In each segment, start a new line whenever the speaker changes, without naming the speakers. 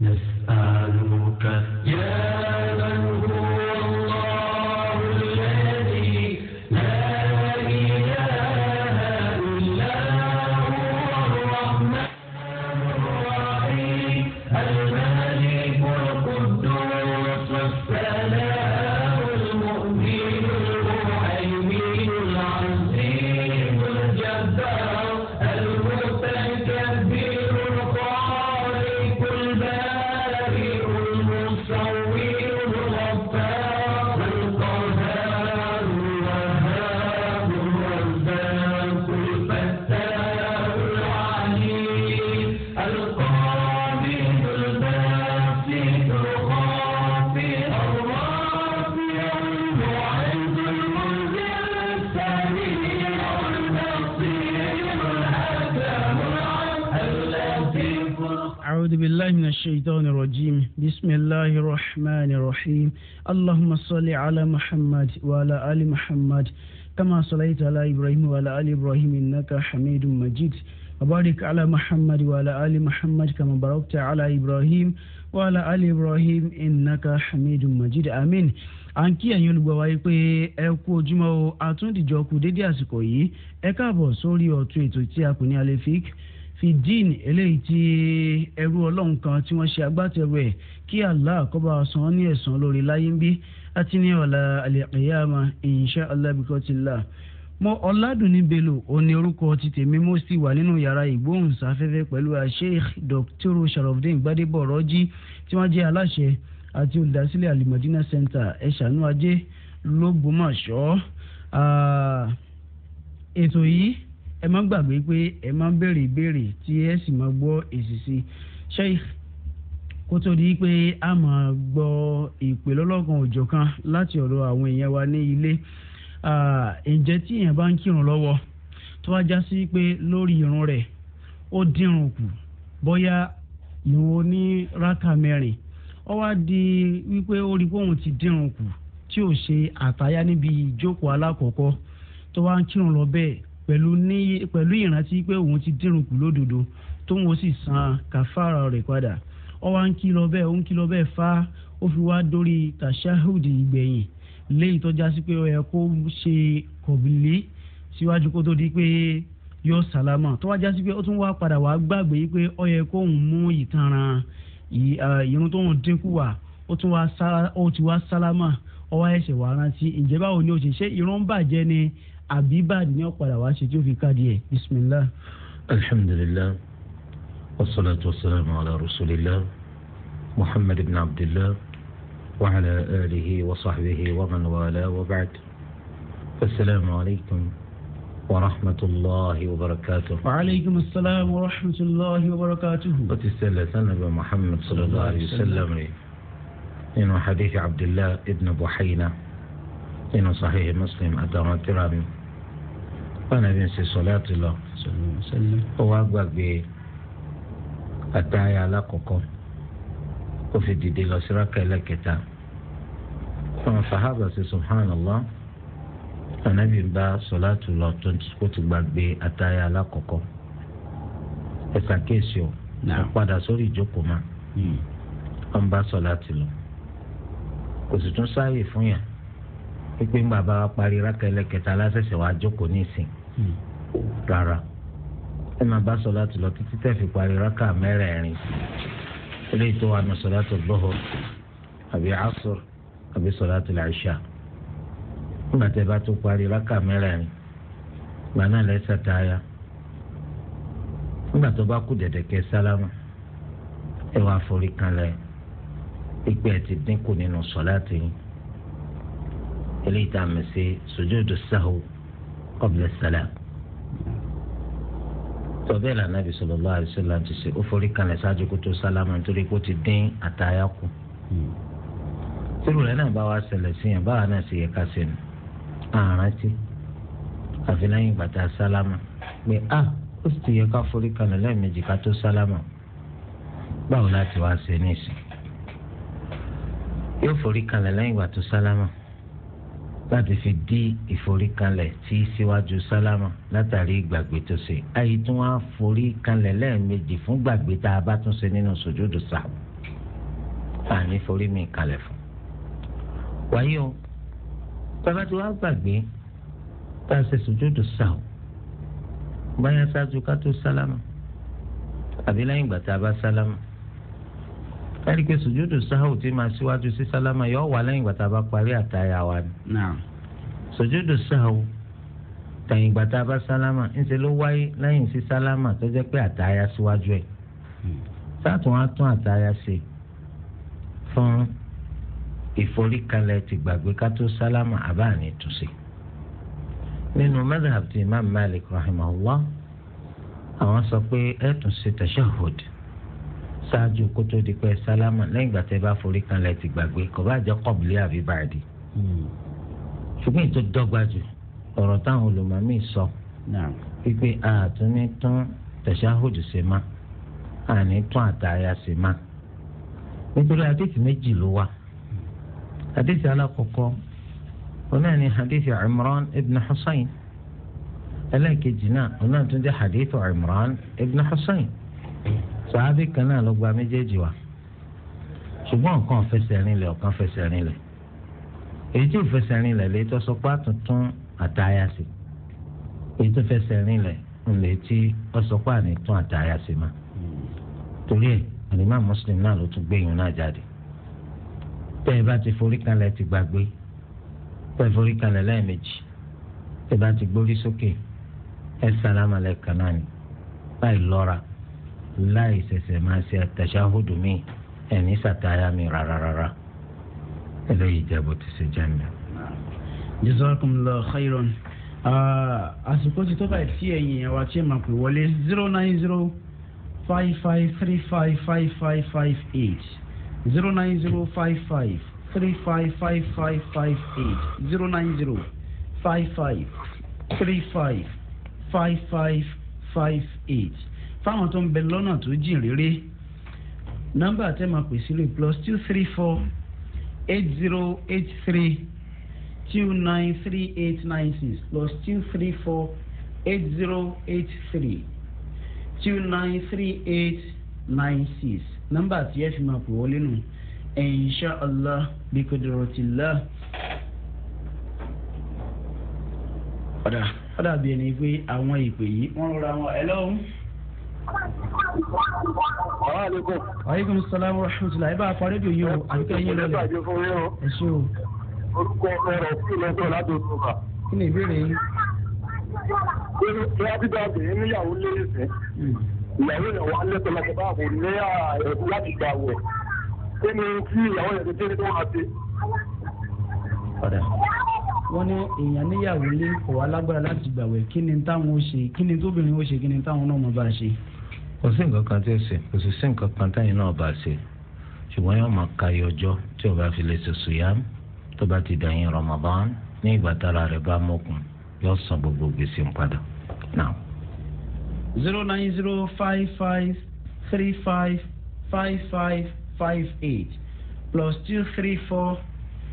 Yes
صل على محمد وعلى آل محمد كما صليت على إبراهيم وعلى آل إبراهيم إنك حميد مجيد وبارك على محمد وعلى آل محمد كما باركت على إبراهيم وعلى آل إبراهيم إنك حميد مجيد آمين à ń kí ẹ̀yin olùgbọ́ wa yìí pé ẹ kú ojúmọ́ o àtúndìjọ́ kù dédé àsìkò yìí ẹ káàbọ̀ sórí ọ̀tún ètò tí a kò ní alẹ́ fi dín eléyìí tí ẹrú ọlọ́run kan tí wọ́n ṣe agbátẹrù ẹ̀ kí allah kó bá san ní ẹ̀san lórí láyé ń bí àti ní ọ̀la àlẹ́kẹ̀yàmà insha allah bíkọ́tìlá mo ọ̀làdùnní bello òní orúkọ ti tèmi mo sì wà nínú yàrá ìgbóhùnsáfẹ́fẹ́ pẹ̀lú sheikh dr sharafdin gbadebo rọ́jí tí wọ́n jẹ́ aláṣẹ àti olùdásílẹ̀ alimadina center ẹ̀ṣánú ajé lọ́gbọ́mọṣọ́ ah, ètò yìí ẹ má gbàgbé pé ẹ má béèrè ìbéèrè tí ẹ sì má gbọ́ èsì sí Sheikh kó tó di pé a máa gbọ́ ìpè lọ́lọ́kan òjọ̀kan láti ọ̀dọ̀ àwọn èèyàn wa ní ilé ǹjẹ́ tí èèyàn bá ń kírun lọ́wọ́ tó wá já sí pé lórí irun rẹ̀ ó dínrùn kù bóyá ìrun oní rákà mẹ́rin ó wá di wípé ó rí pé òun ti dínrùn kù tí ò ṣe àtayá níbi ìjókòó alákọ̀ọ́kọ́ tó wá ń kírun lọ bẹ́ẹ̀ pẹ̀lú ní pẹ̀lú ìrántí pé òun ti dírun kù lódodo tóun ó sì san kàfàrà rẹ̀ padà ó wá ń kìlọ̀ bẹ́ẹ̀ ó ń kìlọ̀ bẹ́ẹ̀ fa ó fi wá dórí tàṣáhùdì ìgbẹ̀yìn léyìí tó já sí pé ó yẹ kó ṣe kọ̀bìlì síwájú kó tó di pé yóò sàlámà tó wá já sí pé ó tún wá padà wá gbàgbé pé ó yẹ kóun mú ìtanràn ìrun tóun dínkù wá ó tún wá ó ti wá sálámà ó wá ẹsẹ̀ wá rántí ǹjẹ́ ni ó ṣe ṣe ìrun bàjẹ́ ni àbí báàdì ní ọ̀pọ̀ wá ṣe tí ó fi káàdì ẹ̀ bisimilah.
alhamdulilah wasalaatu wasalaamu ala rasulillah muhammad ibn abdillah wa ala alihi wa sahbihi wa man wala wa ba'd asalaamu alaykum wa rahmatulahi wa barakatuh. wa aleykum asalaam wa rahmatulahi wa barakatuh. ó ti ṣẹlẹ̀ sanabi muhammad sallallahu alayhi wa sallam rẹ̀ nínú hadith abdillah ibn buhayna. nínú sàhíhì muslim adama tíra pàànàbí ń ṣe sọláàtì lọ ó wá gbàgbé àtàyà alákọ̀ọ́kọ́ ó fi dìde lọ sí rákà ẹlẹ́kẹta àwọn sàhábà ṣe subhanallah pàànàbí ń bá sọláàtì lọ tó ti gbàgbé àtàyà alákọ̀ọ́kọ́ ẹ ṣàkíyèsí o ó padà sórí ìjókòó máa ó ń bá sọláàtì lọ kò sì tún sáàyè fún yàn pípé ń bàbá wa parí rákà ẹlẹ́kẹta lásẹ̀sẹ̀ wàá jókòó ní ìsìn Hmm. rárá ẹ máa bá lọ títí tẹ́ fi parí rákà mẹ́rẹ̀ẹ̀rin eléyìí tó wà ní àbí àbí làṣà nígbà tẹ́ bá tó parí rákà mẹ́rẹ̀ẹ̀rin gbà náà lẹ́sẹ̀ táyà nígbà tó bá kú dẹ̀dẹ̀kẹ́ ẹ ti dínkù nínú eléyìí tá a mẹ̀ sí qabla as-salam tọ́bẹ̀ là nàbì sallallahu alaihi wasallam ti ṣe ó forí kalẹ̀ ṣáájú kó tó sálámà nítorí kó ti dín àtàyà kù. tìrùlẹ̀ náà bá wa ṣẹlẹ̀ sí yẹn báwa náà sì yẹ ká ṣe nù. àrántí àfi lẹ́yìn ìgbà tá a sálámà pé a ah, ó sì ti yẹ ká forí kalẹ̀ lẹ́ẹ̀mejì ká tó sálámà báwo láti wá ṣe ní ìsìn. yóò forí kalẹ̀ lẹ́yìn ìgbà tó sálámà láti fi dí ìforíkanlẹ̀ tí síwájú sálámà látàrí ìgbàgbé tó ṣe àyè tí wọ́n á forí kanlẹ̀ lẹ́ẹ̀mejì fún gbàgbé tá a bá tún ṣe nínú sùjúdù sahwi àní forí mi kanlẹ̀ fún. wáyé o bàbá tí wọ́n á gbàgbé tá a ṣe sùjúdù sahwi báyà ṣáájú ká tó sálámà àbí lẹ́yìn ìgbà tá a bá sálámà ẹ̀rí pé sùjúdù sáhù tí máa síwájú sí sálámà yóò wà lẹ́yìn ìgbà tá a bá parí àtàyà wa ni. sùjúdù sáhù tẹ̀yìn ìgbà tá a bá sálámà ńṣe ló wáyé lẹ́yìn sí sálámà tó jẹ́ pé àtàyà síwájú ẹ̀. Hmm. sátùn á tún àtàyà ṣe fún ìforíkalẹ̀ ti gbàgbé ká tó sálámà àbá ní túnṣe. nínú madhhab ti imam malik rahimahullah àwọn sọ pé ẹ̀ tún ṣe tashahhud ṣáájú kó tó di pé sálámà lẹ́yìn ìgbà tẹ́ bá forí kanlẹ̀ ti gbàgbé kò bá jẹ́ kọ̀bìlì àbí bàdì. Hmm. ṣùgbọ́n ètò dọ́gba jù ọ̀rọ̀ táwọn olùmọ̀mí sọ wípé àtúní tún tẹ̀síáhùdù ṣe má àní tún àtàyà ṣe má. nítorí àdéhìí méjì ló wà àdéhìí alákọ̀ọ́kọ́ onáà ní àdéhìí Imran ibn Hussein ẹlẹ́ẹ̀kejì náà onáà tún jẹ́ àdéhìí Imran ibn Hussein sàábì kan náà ló gba méjèèjì wa ṣùgbọ́n nǹkan fẹsẹ̀ rinlẹ̀ ọ̀kan fẹsẹ̀ rinlẹ̀ èyí tí ò fẹsẹ̀ rinlẹ̀ lè tó sọ pé àtúntún àtàyà sí èyí tó fẹsẹ̀ rinlẹ̀ ńlẹ̀ tí ó sọ pé àníntún àtàyà sí ma torí ẹ̀ àlìmá mùsùlùmí náà ló tún gbé ìyún náà jáde tẹ́ ẹ bá ti forí kanlẹ̀ ti gbàgbé tẹ́ ẹ forí kanlẹ̀ lẹ́ẹ̀mejì tẹ́ ẹ bá ti gbórí sókè ẹ sálámà lẹ́ẹ̀kan náà ni báyìí lọ́ra láì ṣẹ̀ṣẹ̀ máa ṣe àtàṣàhùdù mi ẹ̀ní sàtáyà mi rárá rárá eléyìí jẹ́ bó ti ṣe
jẹ́ mi. jazakumullahu khairan àsìkò ti tó báyìí ẹ̀yìn ẹ̀wà tí ẹ̀ máa pè wọlé zero nine zero five five three five five five five eight zero nine zero five five three five five five five eight zero nine zero five five three five five five five eight fáwọn tó ń bẹ lọ́nà tó jìn réré nọ́mbà tẹ́ máa pè sí plus two three four eight zero eight three two nine three eight nine six plus two three four eight zero eight three two nine three eight nine six nọ́mbà tí ẹ fi máa pè wọlé nù insha allah bí kudurotillah. ọ̀dà ọ̀dà bíi ẹni pé àwọn ìpè yìí
wọ́n rọra wọn ẹ lọ́hùn
aleykum salaam wa rahmatulah ẹ bá a fọ rédíò yìí o àti kẹ́yìn lọ́lẹ̀ ẹ ṣe o.
orúkọ ọ̀rọ̀ sí ìlọ́sọ̀ láti oṣù kà. kí ni ìbéèrè yín. ṣé wàá bí bá obìnrin níyàwó lórí ìfẹ́ hmm. ìyàwó ìyàwó alẹ́ tó lọ́kọ̀ báàbò ní ẹ̀kú láti gbà wẹ̀ kí ni kí ìyàwó yẹn ti dé tó wá sí.
wọ́n ní èèyàn níyàwó lé kò wá lágbára láti gbà wẹ̀ kí ni táwọn ó ṣe kí ni tóbìnrin ó ṣe kí ni táwọn náà mọ̀ bá ṣe kò
sí nǹkan kan tí ó ṣe kò sì sí nǹkan kan táyìn náà bá ṣe ṣùgbọ́n yóò máa ka yọjọ́ tí o bá fi lè ṣe sùyàm tó bá ti dàyìn Ramadan ní ìgbà tára rẹ̀ bá mọ́kùn yóò san gbogbo gbèsè ń padà.
zero nine zero five five three five five five five eight plus two three four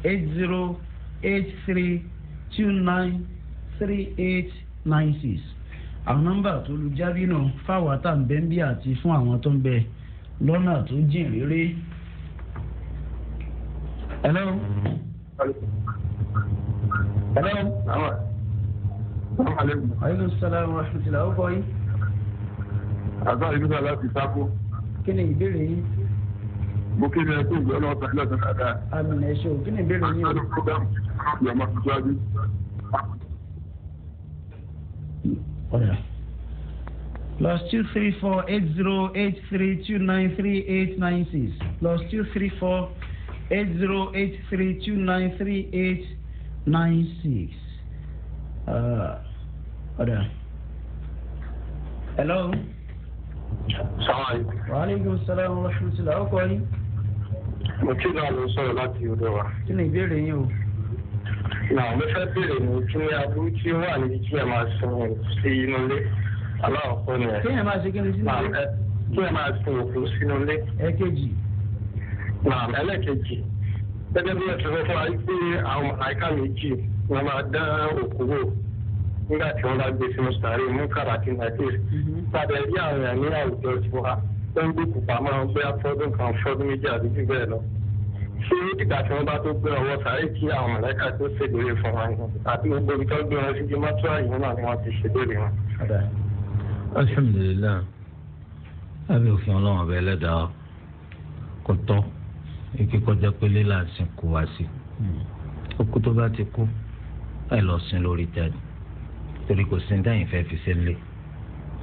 eight zero eight three two nine three eight nine six àwọn nọ́mbà tó lu jábínà fáwọn àtàǹbẹ́ńbí àti fún àwọn tó ń bẹ lọ́nà tó jìn réré. hello. hello. aleykum salaam
wa rahmatulah ó kọ́ àgbà ìlú sọlá ti sáko.
kí ni ìbéèrè yín
mo kí ni ẹ kó ìgbẹ́ ọlọ́wọ́ pẹ̀lú ọ̀sán dáadáa.
àmì ẹ̀ṣọ́ kí ni ìbéèrè yín o. àti ọdún program yóò Oh, yeah. Plus two three four eight zero eight three two nine three eight nine six. Plus two three four eight zero eight three two nine three eight nine six. Uh, hold oh, Hello. Sorry. Waaleykum salaam wa rahmatulah. Ọkọ yín. Mo kí ni àlọ́ sọ̀rọ̀ láti ọ̀dọ̀ wa. ìbéèrè yín o?
náà mo fẹ́ bèrè ní kí ni aburú tí ó wà níbi kí ẹ máa sun sí inú ilé aláwọ̀kọ́ ni ẹ. kí ẹ máa
ṣe kí ni sínú ilé.
kí ẹ máa sun òkú sínú ilé. ẹ̀kejì. náà ẹlẹ́kejì gẹ́gẹ́ bí ẹ̀sùn fún wa pé àwọn àyíká méjì wọ́n máa dá òkú wò nígbà tí wọ́n bá gbé sínú sàárè mú kàràtì nàìjíríà padà rí àwọn èèyàn ní àwùjọ tiwa wọ́n gbé kùpà máa ń gbé afọ́dún kan fọ́dún méjì àbí jù bẹ́ẹ̀ lọ ṣé dìgbà tí wọ́n bá tó gbé ọwọ́ sáré kí àwọn mọ̀lẹ́kà tó ṣègbèrè fún wa ni àti gbogbo ibi tó gbé wọn sí ju mọ́tò àyè náà ni wọ́n ti ṣègbèrè wọn.
alhamdulilayi lábẹ́ òfin ọlọ́run ọba ẹlẹ́dàá kò tọ́ ike kọjá pélé là ń sìn kú wá sí òkú tó bá ti kú ẹ lọ sin lórí jáde torí kò sí ní dáhìn fẹ́ fi sílé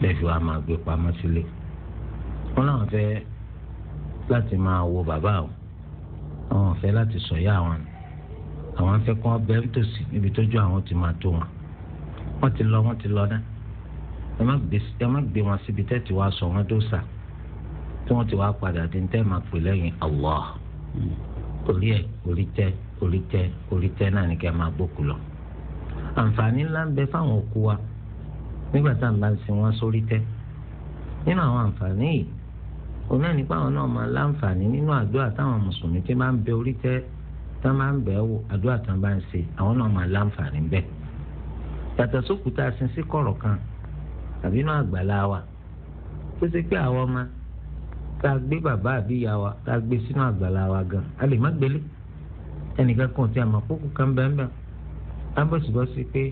bẹ́ẹ̀ fi wá máa gbé pamọ́ sílé wọn làwọn fẹ́ láti máa wo bàbá àwọn àwọn ọ̀fẹ́ láti sọ̀yà àwọn ni àwọn afẹ́ kọ́ bẹ́ẹ̀ nítòsí níbi tójú àwọn ti máa tó wọn wọ́n ti lọ wọ́n ti lọ náà ẹ má gbé wọn síbi tẹ́ ti wá sọ wọn dóòsà tí wọ́n ti wá padà dín tẹ́ máa pè lẹ́yìn Allah orí ẹ̀ orí tẹ́ orí tẹ́ orí tẹ́ náà ni kẹ́ máa gbókù lọ. àǹfààní ńlá ń bẹ fáwọn òkú wa nígbà tá à ń bá ń sin wọn sórí tẹ́ nínú àwọn àǹfààní yìí òun náà nípa àwọn náà máa láǹfààní nínú àdúrà táwọn mùsùlùmí tí máa ń bẹ orí tẹ́ tá máa ń bẹ̀ wò àdúrà tán bá ń ṣe àwọn náà máa láǹfààní bẹ́ẹ̀. yàtọ̀ sókùtà sin sí kọ̀rọ̀ kan tàbí inú àgbàlá wa tó ṣe pé àwọn ọmọ tá a gbé bàbá àbí ìyá wa tá a gbé sínú àgbàlá wa gan a lè má gbélé ẹnìkan kan tí a kókó kan bẹ́ẹ̀ bẹ́ẹ̀ lábọ̀sibọ́sí pé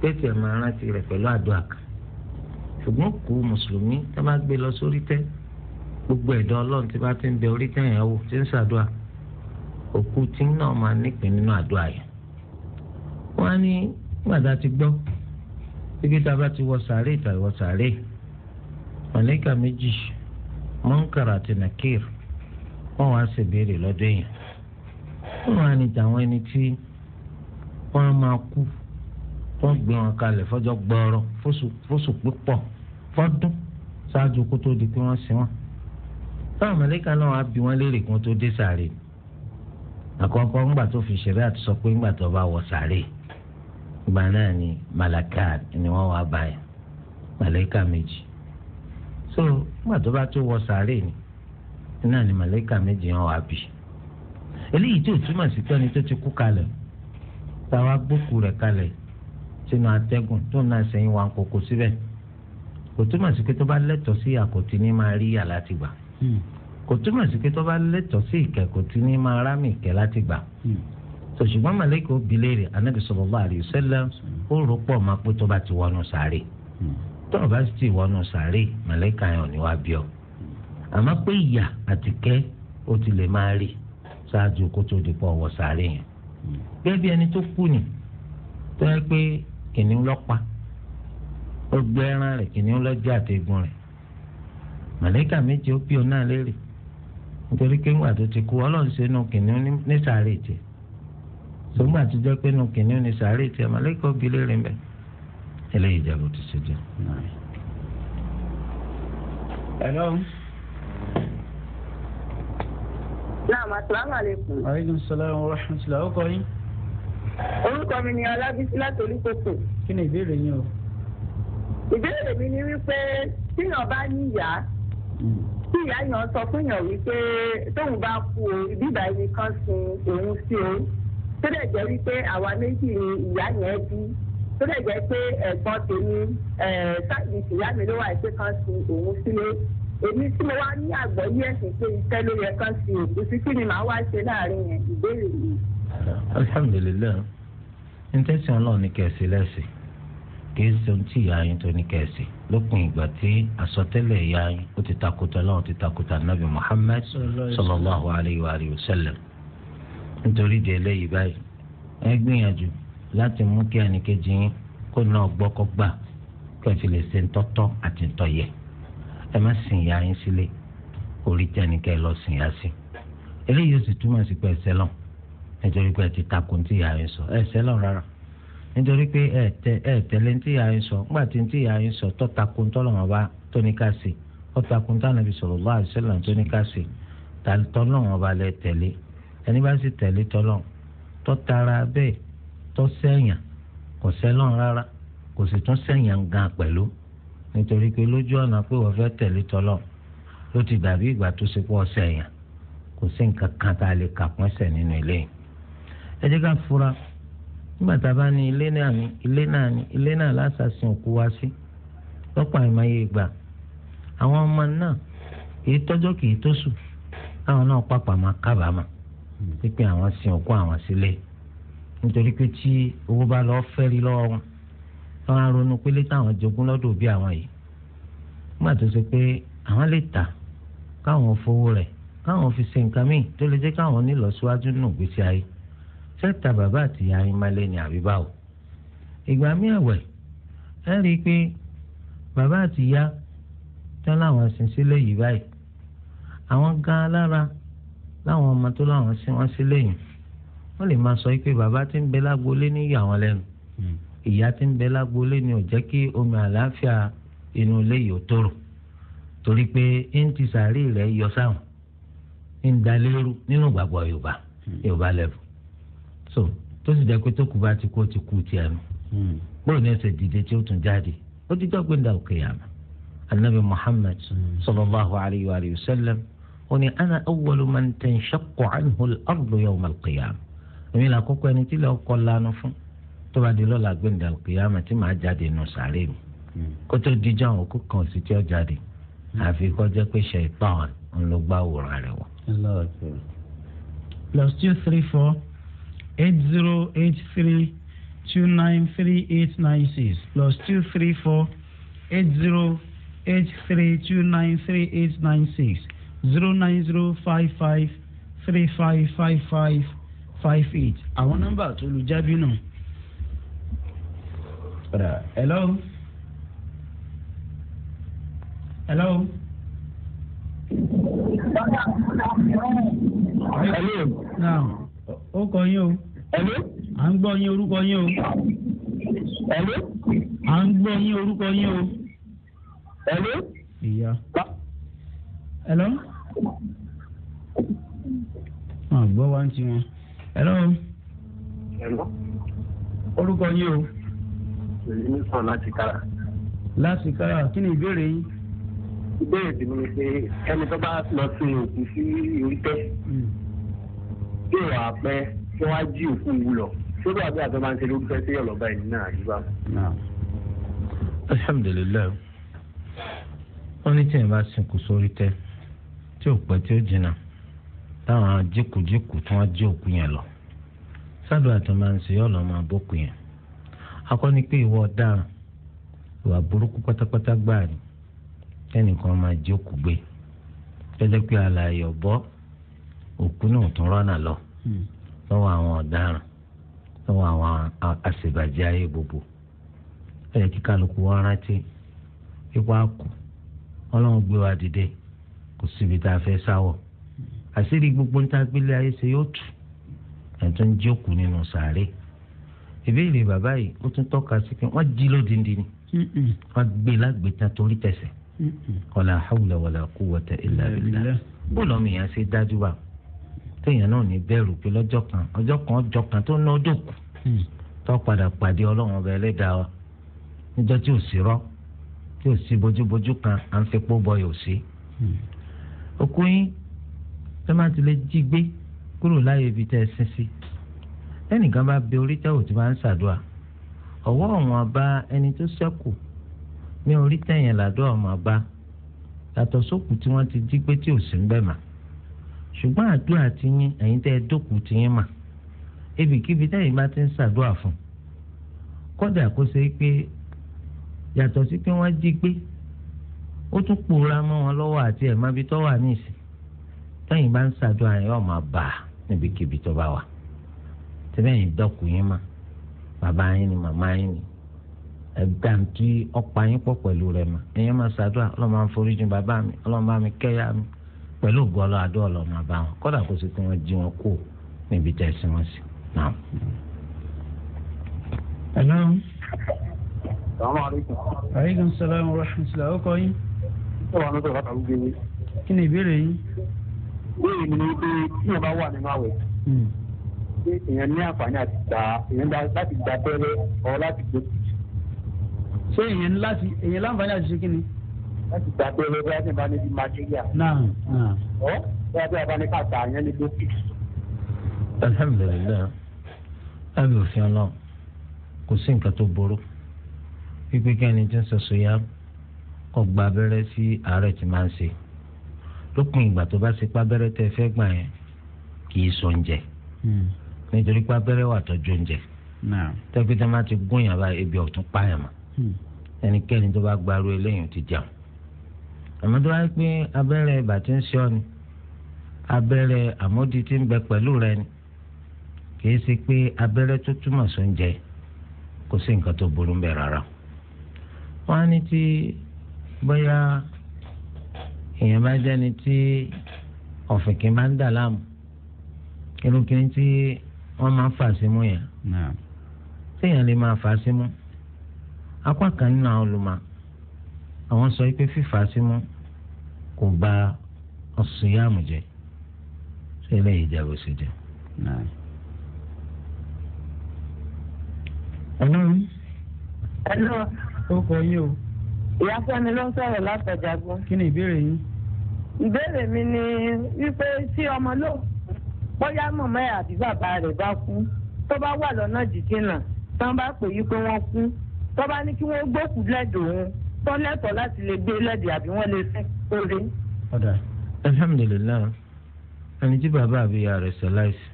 tẹ́tì ẹ̀ máa rántí rẹ̀ gbogbo ẹ̀dọ́ ọlọ́run tí bá ti ń bẹ orí tẹ̀yìn àwò tí ń ṣàdúrà òkú tí náà máa nípìn nínú àdúrà yẹn. wọ́n á ní gbàdá ti gbọ́ ibi tá a bá ti wọ sàárè ìta ìwọ sàárè màlẹ́kà méjì mọ́ńkàrà àti nàkìr wọ́n wá ṣèbéèrè lọ́dọ̀ èèyàn. wọ́n á ní tàwọn ẹni tí wọ́n máa kú wọ́n gbé wọn kalẹ̀ fọ́jọ́ gbọ́ọ̀rọ̀ fóṣù púpọ̀ fọ́dún ṣáájú kó di pé wọ́n sin wọn táwọn mọ̀lẹ́kà náà wá bí wọ́n léèrè kún tó dé sàárè àkọ́kọ́ ńgbà tó fi ṣẹ̀rẹ́ àti sọ pé ńgbà tó bá wọ sàárè ìgbà náà ni màlàkà ni wọ́n wá báyìí màlẹ́kà méjì so ńgbà tó bá tó wọ sàárè ni náà ni màlẹ́kà méjì yẹn wá bí eléyìí tí ò túmọ̀ sí pẹ́ni tó ti kú kalẹ̀ táwa gbókù rẹ̀ kalẹ̀ sínú atẹ́gùn tó náà sẹ́yìn wa kókó síbẹ̀ kò túmọ̀ sí pé tó bá lẹ́tọ̀ọ́ sí àkòtí ní máa rí yà láti gbà. Hmm. kò túmọ̀ sí pé tó bá lẹ́tọ̀ọ́ sí ìkẹ́ kò tí ní máa rámì ìkẹ́ láti gbà hmm. so ṣùgbọ́n màlẹ́kọ̀ bilẹ̀rì anabi sallallahu alaihi wasallam ó rò pọ̀ máa pé tó bá ti wọnú sàárè hmm. tó o bá sì ti wọnú sàárè màlẹ́kà yẹn ò ní bí ọ àmọ́ pé ìyà àtìkẹ́ ó ti lè máa rí ṣáájú kó tó di pọ̀ wọ sàárè yẹn gẹ́gẹ́ bí ẹni tó kú ni tó yẹ pé kìnìún lọ́pa ó gbẹ́ràn rẹ̀ kìnìún lọ́jọ́ àtẹ̀gùn rẹ̀ màlẹ́kà méje ó bí ọ náà lérè nítorí pé ńgbà tó ti kú ọlọ́run ṣe nù kìnìún ní sàárè tiẹ̀ sọgbà tó jẹ́ pé nù kìnìún ní sàárè tiẹ̀ màlẹ́kà ó lérè mbẹ́ eléyìí ìjà ti ṣe jẹ́.
hello. naam asalaamualeykum. aleykum salaam wa rahmatulah ọkọ yín. orúkọ mi ni ọlábísí láti olúkòkò. kí ni ìbéèrè yín o.
ìbéèrè mi ni wípé tíyàn bá ní ìyá tí ìyá yàn sọ fún yàn wípé tóun bá kú o bíbá ẹni kan sin òun sí o tó dẹ̀ jẹ́ wípé àwa méjì ni ìyá yẹn bí tó dẹ̀ jẹ́ pé ẹ̀gbọ́n tèmi sáàbì ìyá mi ló wà pé kan sin òun sílé èmi tí mo wá ní àgbọ́yé ẹ̀sìn pé iṣẹ́ ló yẹ kan sin òkú sí kí ni màá wá ṣe láàrin ìbéèrè yìí.
alhamdulilayi n tẹ́sán náà ni kẹ̀sì lẹ́sìn kìí ṣe ohun tí ìyá yín tó ní kẹsì lópin ìgbà tí àsọtẹ́lẹ̀ ìyá yín ó ti takùtà lọ́wọ́ ti takùtà nàbì Muhammad sallallahu alayhi wa sallam nítorí di eléyìí báyìí ẹ gbìyànjú láti mú kí ẹnìkejì yín kó náà gbọ́kọ́gbà kẹfì lè ṣe ńtọ́tọ́ àti ńtọ́yẹ ẹ má sìn ìyá yín sílé orí tẹnikẹ́ lọ sìn yá sí eléyìí ó sì túmọ̀ sí pé ẹ sẹ́lọ̀ nítorí pé ẹ ti takùn tí ìyá yín sọ ẹ sẹ́lọ̀ rárá nítorí pé ẹ tẹ ẹ tẹlẹ ntí yà ń sọ ńgbà tí ntí yà ń sọ tọ́ta kun tọ́lọ́mọ bá tóní ká ṣe ọ̀ta kun tá nàbí sallallahu alaihi wasallam tóní ká ṣe tọ́lọ́mọ bá lẹ tẹ̀lé ẹni bá sì tẹ̀lé tọ́lọ́ tọ́tara bẹ́ẹ̀ tọ́sẹ̀yàn kò sẹ́lọ̀ rárá kò sì tún sẹ̀yàn gan pẹ̀lú nítorí pé lójú ọ̀nà pé wọ́n fẹ́ tẹ̀lé tọ́lọ́ ló ti dàbí ìgbà tó ṣe pọ̀ sẹ̀yàn kò sí nǹkan kan tá a lè kà pọ́n nínú eléyìí ẹ jẹ́ nígbà tá a bá ní ilé náà ní ilé náà ní ilé náà lásàsìn òkú wa sí lọ́pọ̀ àìmọye ìgbà àwọn ọmọ náà èyí tọ́jọ́ kì í tó sùn káwọn náà pàpà máa kábàámà pípé àwọn sin òkú àwọn sílé nítorí pé tí owó bá lọ́ọ́ fẹ́rí lọ́wọ́ wọn wọn ronú pé létà àwọn jogún lọ́dọ̀ bí àwọn yìí nígbà tó ṣe pé àwọn lè tà káwọn fowó rẹ̀ káwọn fi ṣe nǹkan míì tó lè jẹ́ káwọn nílọsíwájú nù gbèsè ayé sẹ́ta bàbá àtìyá yín má lé ní àbíbáwò ìgbà mí àwẹ̀ ẹ rí i pé bàbá àtìyá tán láwọn sin sílé yìí báyìí àwọn gan alára láwọn ọmọ tó láwọn sin wọn sílé yìí wọ́n lè máa sọ pé bàbá tí ń bẹ lágboolé ní ìyá wọn lẹ́nu hmm. ìyá tí ń bẹ lágboolé ni ò kí omi àlàáfíà inú ilé yìí ò tòrò torí pé ń ti sàárè rẹ̀ yọ sáwọn ń dalérú nínú ìgbàgbọ́ yorùbá hmm. yorùbá lẹ́bù so tó sì jẹ́ pé tó kù bá ti kú ó ti kú tiẹ̀ nù hmm. bóun ní ẹsẹ̀ dìde tí ó tún jáde ó ti dọ́gbé ndà òkè yàrá anabi muhammad hmm. sallallahu alayhi wa sallam ó ní ana awwalu man tanshaqqu anhu al-ardu yawm al-qiyamah èmi là kọ́kọ́ ẹni tí lọ́ọ́ kọ́ lanu fún tó bá di lọ́la gbẹ̀ndà kìyàmà tí màá jáde nù sàárè mi hmm. kó tó dijọ́ àwọn òkú kan sì tí ó jáde àfi kó jẹ́ pé ṣe ìtàn ń lọ gbá òwúrọ̀ rẹ̀ wọ̀.
plus two three four eight zero eight three two nine three eight nine six plus two three four eight zero eight three two nine three eight nine six zero nine zero five five three five five five five eight. àwọn nọ́mbà tó lu jábí nù. hello. hello. hello. now ó kọ yín o. ẹ̀lú. à ń gbọ́ yín orúkọ yín o. ẹ̀lú. à ń gbọ́ yín orúkọ yín o. ẹ̀lú. ìyá. ẹ̀lọ́. wọn à gbọ́ wá ń tiwọn. ẹ̀lọ́.
ẹ̀lọ́. orúkọ yín o. èyí ń sọ láti kára.
láti kára kí ni ìbéèrè yín
ìbéèrè tèmi ni pé ẹni tó bá lọ sí òkú sí orí tẹ hmm kí èèyàn á pẹ́ kí wọ́n á jí òkú wù lọ sórí àbí àti ọba ń ṣe ló fẹ́ sí ọlọ́ba ẹni náà àdúrà.
alhamdulilayi wọn ní tí yẹn bá sìnkú sórí tẹ tí ò pẹ́ tí ó jìnnà táwọn jẹkùjẹkù tí wọn jẹ òkú yẹn lọ sádùn àti ọmọ àǹsẹ yóò lọ máa bókun yẹn akọni pé ìwọ ọ̀daràn ìwà burúkú pátápátá gbáà ni ẹnìkan máa jẹ òkú gbé tẹlẹ alàyè ọbọ òkú náà tún rọnà lọ lọ́wọ́ àwọn ọ̀daràn lọ́wọ́ àwọn àṣebàjẹ́ ayé gbogbo ẹ̀yẹ kí kálukú wọn rántí ipa kù ọlọ́run gbé wa dìde kò síbi tá a fẹ́ sáwọ̀ àṣírí gbogbo ń tágbélé ayé ṣe yóò tù ẹ̀tọ́ ń jókòó nínú sàárè ìbéèrè bàbá yìí ó tún tọ́ka sí pé wọ́n jí lódindi ni wọ́n gbé lágbèéta torí tẹ̀sẹ̀ wala hawla wala quwwata illa billah bó lọ́mọ èèyàn ṣe dájú báwọn téèyàn náà ní bẹ̀rù pé lọ́jọ́ kan ọjọ́ kan ọjọ́ kan tó ná ọdún kù hmm. tó padà pàdé ọlọ́run ọba ẹlẹ́dàá wa níjọ́ tí ò sí rọ́ tí ò sí bójúbójú kan à ń fipó bọ yòó sí. Hmm. òkú yín tó máa ti lè jí gbé kúrò láyé ibi tẹ́ ẹ sin sí ẹnìkan bá bẹ orí tẹ́wò tí wọ́n ń ṣàdúrà ọwọ́ ọ̀wọ́n bá ẹni tó ṣẹ́kù ní orí tẹ̀yìn làdó ọ̀mọ̀ bá yàtọ̀ sókù tí wọ́n ti jí gbé tí ò sí ń bẹ̀ mà. ṣùgbọ́n àdúrà ti yín ẹ̀yin tẹ́ ẹ dókùú ti yín mà ibikíbi tẹ́yìn bá ti ń ṣàdúrà fún kódà kó ṣe pé yàtọ̀ sí pé wọ́n jí gbé ó tún pòórá mọ́ wọn lọ́wọ́ àti ẹ̀ mábi tọ́ wà nísìn tẹ́yìn bá ń ṣàdúrà yẹn máa bà ni màmá yín ni ọ̀pá yín pọ̀ pẹ̀lú rẹ̀ mà ẹ̀yin máa ṣàdúrà ọlọ́mọ bàbá mi ọlọ́mọ mi kẹ́yà pẹ̀lú gbọ́lọ́ adó ọlọ́mọ bá wọn kọ́dà kó sì kí wọ́n jí wọn kú níbi tẹ̀ sí wọn sí.
ẹ̀lọ́. salaamaleykum. aleykum salaam wa rahmatulah ọkọ yín. ṣé wàá lọ́dọ̀ bàtà wúgbẹ́ yín. kí ni ìbéèrè yín.
ìbéèrè mi ni pé tí wọ́n bá wà nínú àwẹ̀ hmm. èèyàn ní àǹfààní àti gbà èèyàn láti gbà bẹ́rẹ́ ọ láti gbé. ṣé èèyàn láǹfààní àti ṣe kí ni láti gba abẹ́rẹ́ bí a ti bá níbi malaria. ọ̀ bí a bí a bá ní kàtà yẹn ní lókì.
alhamdulilayi
lábẹ́ òfin ọlọ́run kò sí nǹkan tó burú pípé kẹ́ni tí ń sọ̀sọ̀ yá kọ́ gba abẹ́rẹ́ sí àárẹ̀ tí máa ń ṣe lópin ìgbà tó bá ṣe pábẹ́rẹ́ tẹ́ fẹ́ gbà yẹn kì í sọ oúnjẹ hmm. nítorí pábẹ́rẹ́ wà tọ́jú oúnjẹ tẹ́gbẹ́tẹ́ máa ti gún yàrá ebi ọ̀tún páyàmà hmm. ẹnikẹ́ni tó bá gbarú eléyìí ti jẹun àmọ́ tó wáyé pé abẹ́rẹ́ ibà tí ń ṣe ọ ni abẹ́rẹ́ àmódi tí ń bẹ pẹ̀lú rẹ ni kìí ṣe pé abẹ́rẹ́ tó túmọ̀ sọ ń jẹ kò sí nǹkan tó burú bẹ́ẹ̀ rárá. wọ́n á ní tí bóyá èèyàn bá jẹ́ni tí ọ̀fìnkì máa ń dà láàmú irúgbìn tí wọ́n máa ń fà símú yẹn téèyàn lè máa fà símú apá kan nínú àwọn olùmọ̀ àwọn sọ pé fífà símú. kò bá ọ̀sùn yáàmù jẹ́ ṣé eléyìí jẹ́ bó ṣe jẹ́.
ẹ̀lọ́ mi. ẹ̀lọ́. ó kọ yín o. ìyá fẹ́mi ló ń sọ̀rọ̀ látọjà gbọ́. kí ni ìbéèrè yín. ìbéèrè mi ni wípé tí ọmọ ló bóyá mọ̀mọ́ ẹ̀ àbí bàbá rẹ̀ bá kú tó bá wà lọ́nà jìjìnnà tó bá pè yí pé wọ́n kú tó bá ní kí wọ́n gbókùú lẹ́dọ̀ọ́ tọ́lẹ́tọ̀ láti lè gbé lẹ́dí àbí wọ́n lè sìn kóre.
ọ̀dà alhamdulilayi ẹni tí bàbá àbíyá rẹ̀ sẹ́láìsì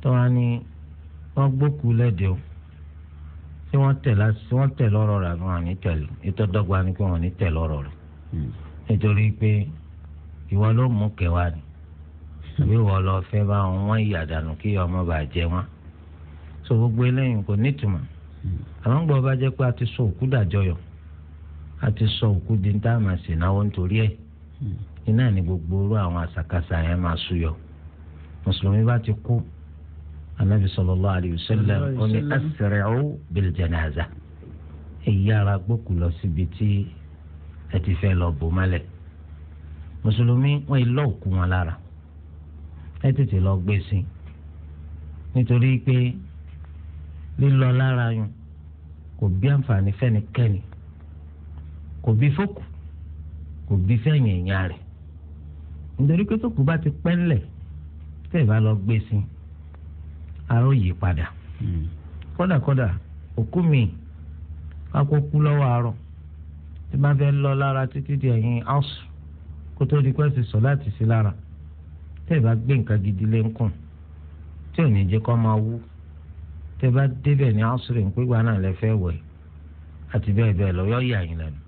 tó wá ní wọ́n gbókù lẹ́dí o tí wọ́n tẹ̀ láti wọ́n tẹ̀ lọ́rọ̀ rẹ̀ àbí wọ́n ní tẹ̀lé ètò ni pé wọ́n ní tẹ̀ lọ́rọ̀ rẹ̀ hmm. nítorí pé ìwọ ló mú kẹwàá ni àbí ìwọ lọ fẹ́ bá wọn wọ́n yà dànù kí ọmọ bàá jẹ wọn so gbogbo eléyìí kò nítumọ̀ hmm. àwọn gbọ́ bá jẹ́ pé a ti sọ òkú dàjọyọ̀ a ti sọ òkú di ní táwọn àṣẹ náwó nítorí ẹ̀ hmm. iná ní gbogbo orú àwọn àṣàkáṣà yẹn máa súyọ mùsùlùmí bá ti kú anabi sallallahu alayhi wa sallam ó ní asri'u bil janaza ẹ yára gbókù lọ síbi tí ẹ ti fẹ́ lọ bò mọ́lẹ̀ mùsùlùmí wọn ìlọ òkú wọn lára ẹ tètè lọ gbé sí nítorí pé lílọ lára yun kò bí àǹfààní fẹ́nikẹ́ni kò bí fókù kò bí fẹ̀yìn èèyàn rẹ̀ nítorí pé tókù bá ti pẹ́ ńlẹ̀ tẹ́ ẹ̀ bá lọ gbé sí aró yí padà hmm. kódàkódà òkú mi kákó kú lọ́wọ́ àárọ̀ tí bá fẹ́ lọ lára títí di ẹ̀yìn áùsù kó tó di pẹ́ sí sọ láti sí lára tẹ́ ẹ̀ bá gbé nǹkan gidi lé ń kùn tí ò ní jẹ́ kó máa wú tẹ́ ẹ bá débẹ̀ ní áùsù rẹ̀ ń pé gbaná lẹ fẹ́ wẹ̀ àti bẹ́ẹ̀ bẹ́ẹ̀ lọ yọ yà lẹ́nu.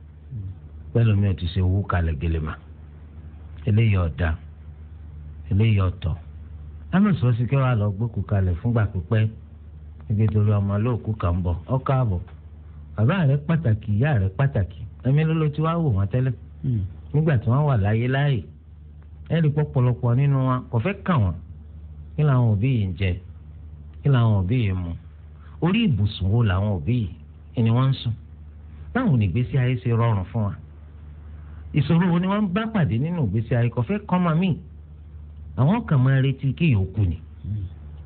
pẹ̀lú mi ò ti ṣe wú kalẹ̀ gẹlẹ́mà eléyìí ọ̀dà eléyìí ọ̀tọ̀ lámìsọ́sí kẹwàá lọ gbókù kalẹ̀ fúngbà pípẹ́ ẹgbẹ́ torí ọmọ olóòkú kan bọ̀ ọkọ àbọ̀ bàbá rẹ pàtàkì ìyá rẹ pàtàkì ló ti wá wò tẹ́lẹ̀ hmm. nígbà tí wọ́n wà láyé láàyè ẹ̀rí pọ̀pọ̀lọpọ̀ nínú wọn kò fẹ́ wọ́n kí làwọn òbí yìí ń jẹ kí làwọn wo làwọn òbí yìí ni wọ́n ń sùn báwo nìgbésí ayé ṣe rọrùn ìṣòro wo ni wọ́n bá pàdé nínú ìgbésí ayé kò fẹ́ mi àwọn kan máa retí kí yòókù ni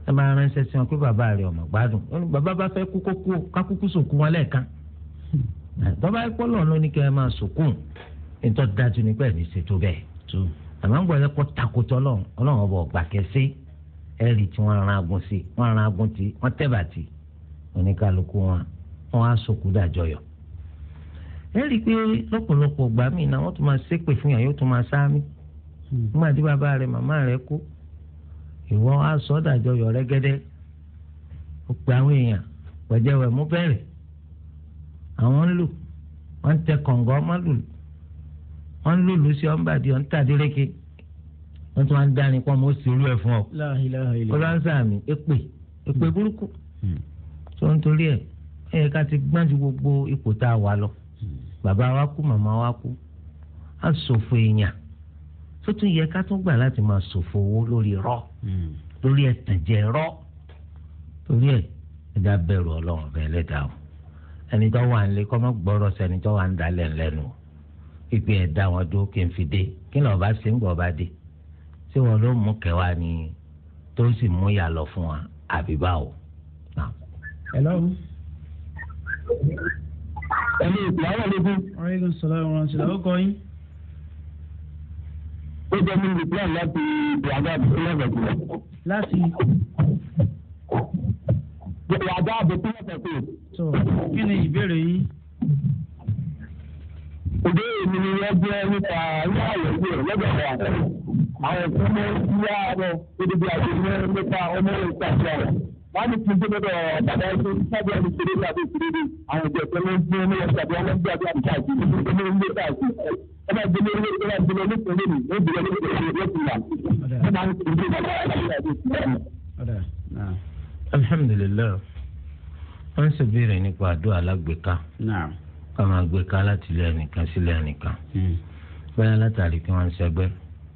ẹ máa ránṣẹ́ sí wọn pé bàbá rẹ̀ ọmọ gbádùn ó ní bàbá bá fẹ́ kú kókó kákúkú sòkú wọn lẹ́ẹ̀kan bàbá ìpọ́lọ̀ ló ní kí ẹ máa sòkú nítorí dájú ní pẹ̀lú ìṣètò bẹ́ẹ̀ àmọ́ ń gbọ́dọ̀ kó takotọ́ ọlọ́run ọlọ́run ọba ọ̀gbà kẹsí ẹ̀rì tí wọ́n ran agun sí wọ́n ran agun tí wọ́n tẹ̀bà tí oníkálukú wọn á sòkú dàjọyọ̀ ẹ rí i pé lọ́pọ̀lọpọ̀ ìgbà míì náà wọ́n tún máa ṣépè fún yàn yóò tún máa sáámi hmm. nígbà tí bàbá rẹ màmá rẹ kú ìwọ á sọ dàjọ yọ rẹ́gẹ́dẹ́ ó pe àwọn èèyàn wẹ̀jẹ̀wẹ̀ mú bẹ̀rẹ̀ àwọn ń lù wọ́n ń tẹ kọ̀ǹgọ́ ọmọ lùlù wọ́n ń lùlù sí ọ̀nbàdì ọ̀n tàdéréke wọ́n tún wá ń dání pọ́n mọ́ sí ẹ̀ fún ọ. ọlọ́nsá bàbá wa kú màmá wa kú a ṣòfò èèyàn tó tún yẹ ká tún gbà láti máa ṣòfò owó lórí rọ hmm. lórí ẹ̀tànjẹ rọ torí ẹ̀ ẹ̀dá bẹ̀rù ọlọ́run bẹ́ẹ̀ lẹ́dàá o ẹni tó wà nílé kọ́ mọ́ gbọ́rọ̀ sí ẹni tó wà ń dalẹ̀ lẹ́nu pípẹ́ ẹ̀dá wọn dúró kí n fi dé kí ni ọba ṣe ń gbọ́ ọba dé ṣé wọn ló mú kẹwàá ni tó sì mú yà lọ fún wa àbí báwo
ẹ̀mí ìsìláwọ̀ lógún. aleykum salaam wa
rahmatulah ó kọ́ yín.
ó jẹ́ mi ní plan láti ìyàgá ìpínlẹ̀ ọ̀gbìn. láti. ìyàgá ìpínlẹ̀ ọ̀gbìn. tó kí ni ìbéèrè yín. ìbéèrè mi ni wọ́n jẹ́ nípa yíyàwó ìgbéyàwó lọ́dọ̀ àwọn àwọn ìfúnmọ́ yíyá ọmọ tó dé bí àti ìfúnmọ́ nípa ọmọ ìgbà tí a rẹ̀ wọ́n ti tún gbọ́dọ̀ bàbá ẹgbẹ́ sábẹ́ ẹni kéré tàbí ìkéré àwọn ìjọ tó ló ń gbé ní ọ̀sẹ̀ àbí wọ́n gbé àbí àbí káàkiri ní ìgbé ní ìgbé káàkiri ẹ bá gbélé ẹ bá gbélé ní ìpínlẹ̀ mi ó gbélé ní ìpínlẹ̀ mi ó kùnà ẹ máa ń tún gbé bàbá
alhamdulilayi wọ́n ń ṣèbéèrè nípa àdúrà alágbèéká ká máa gbé láti ilé ẹnìkan sí ilé ẹnìkan hmm. báyà látàrí kí wọ́n ń ṣẹgbẹ́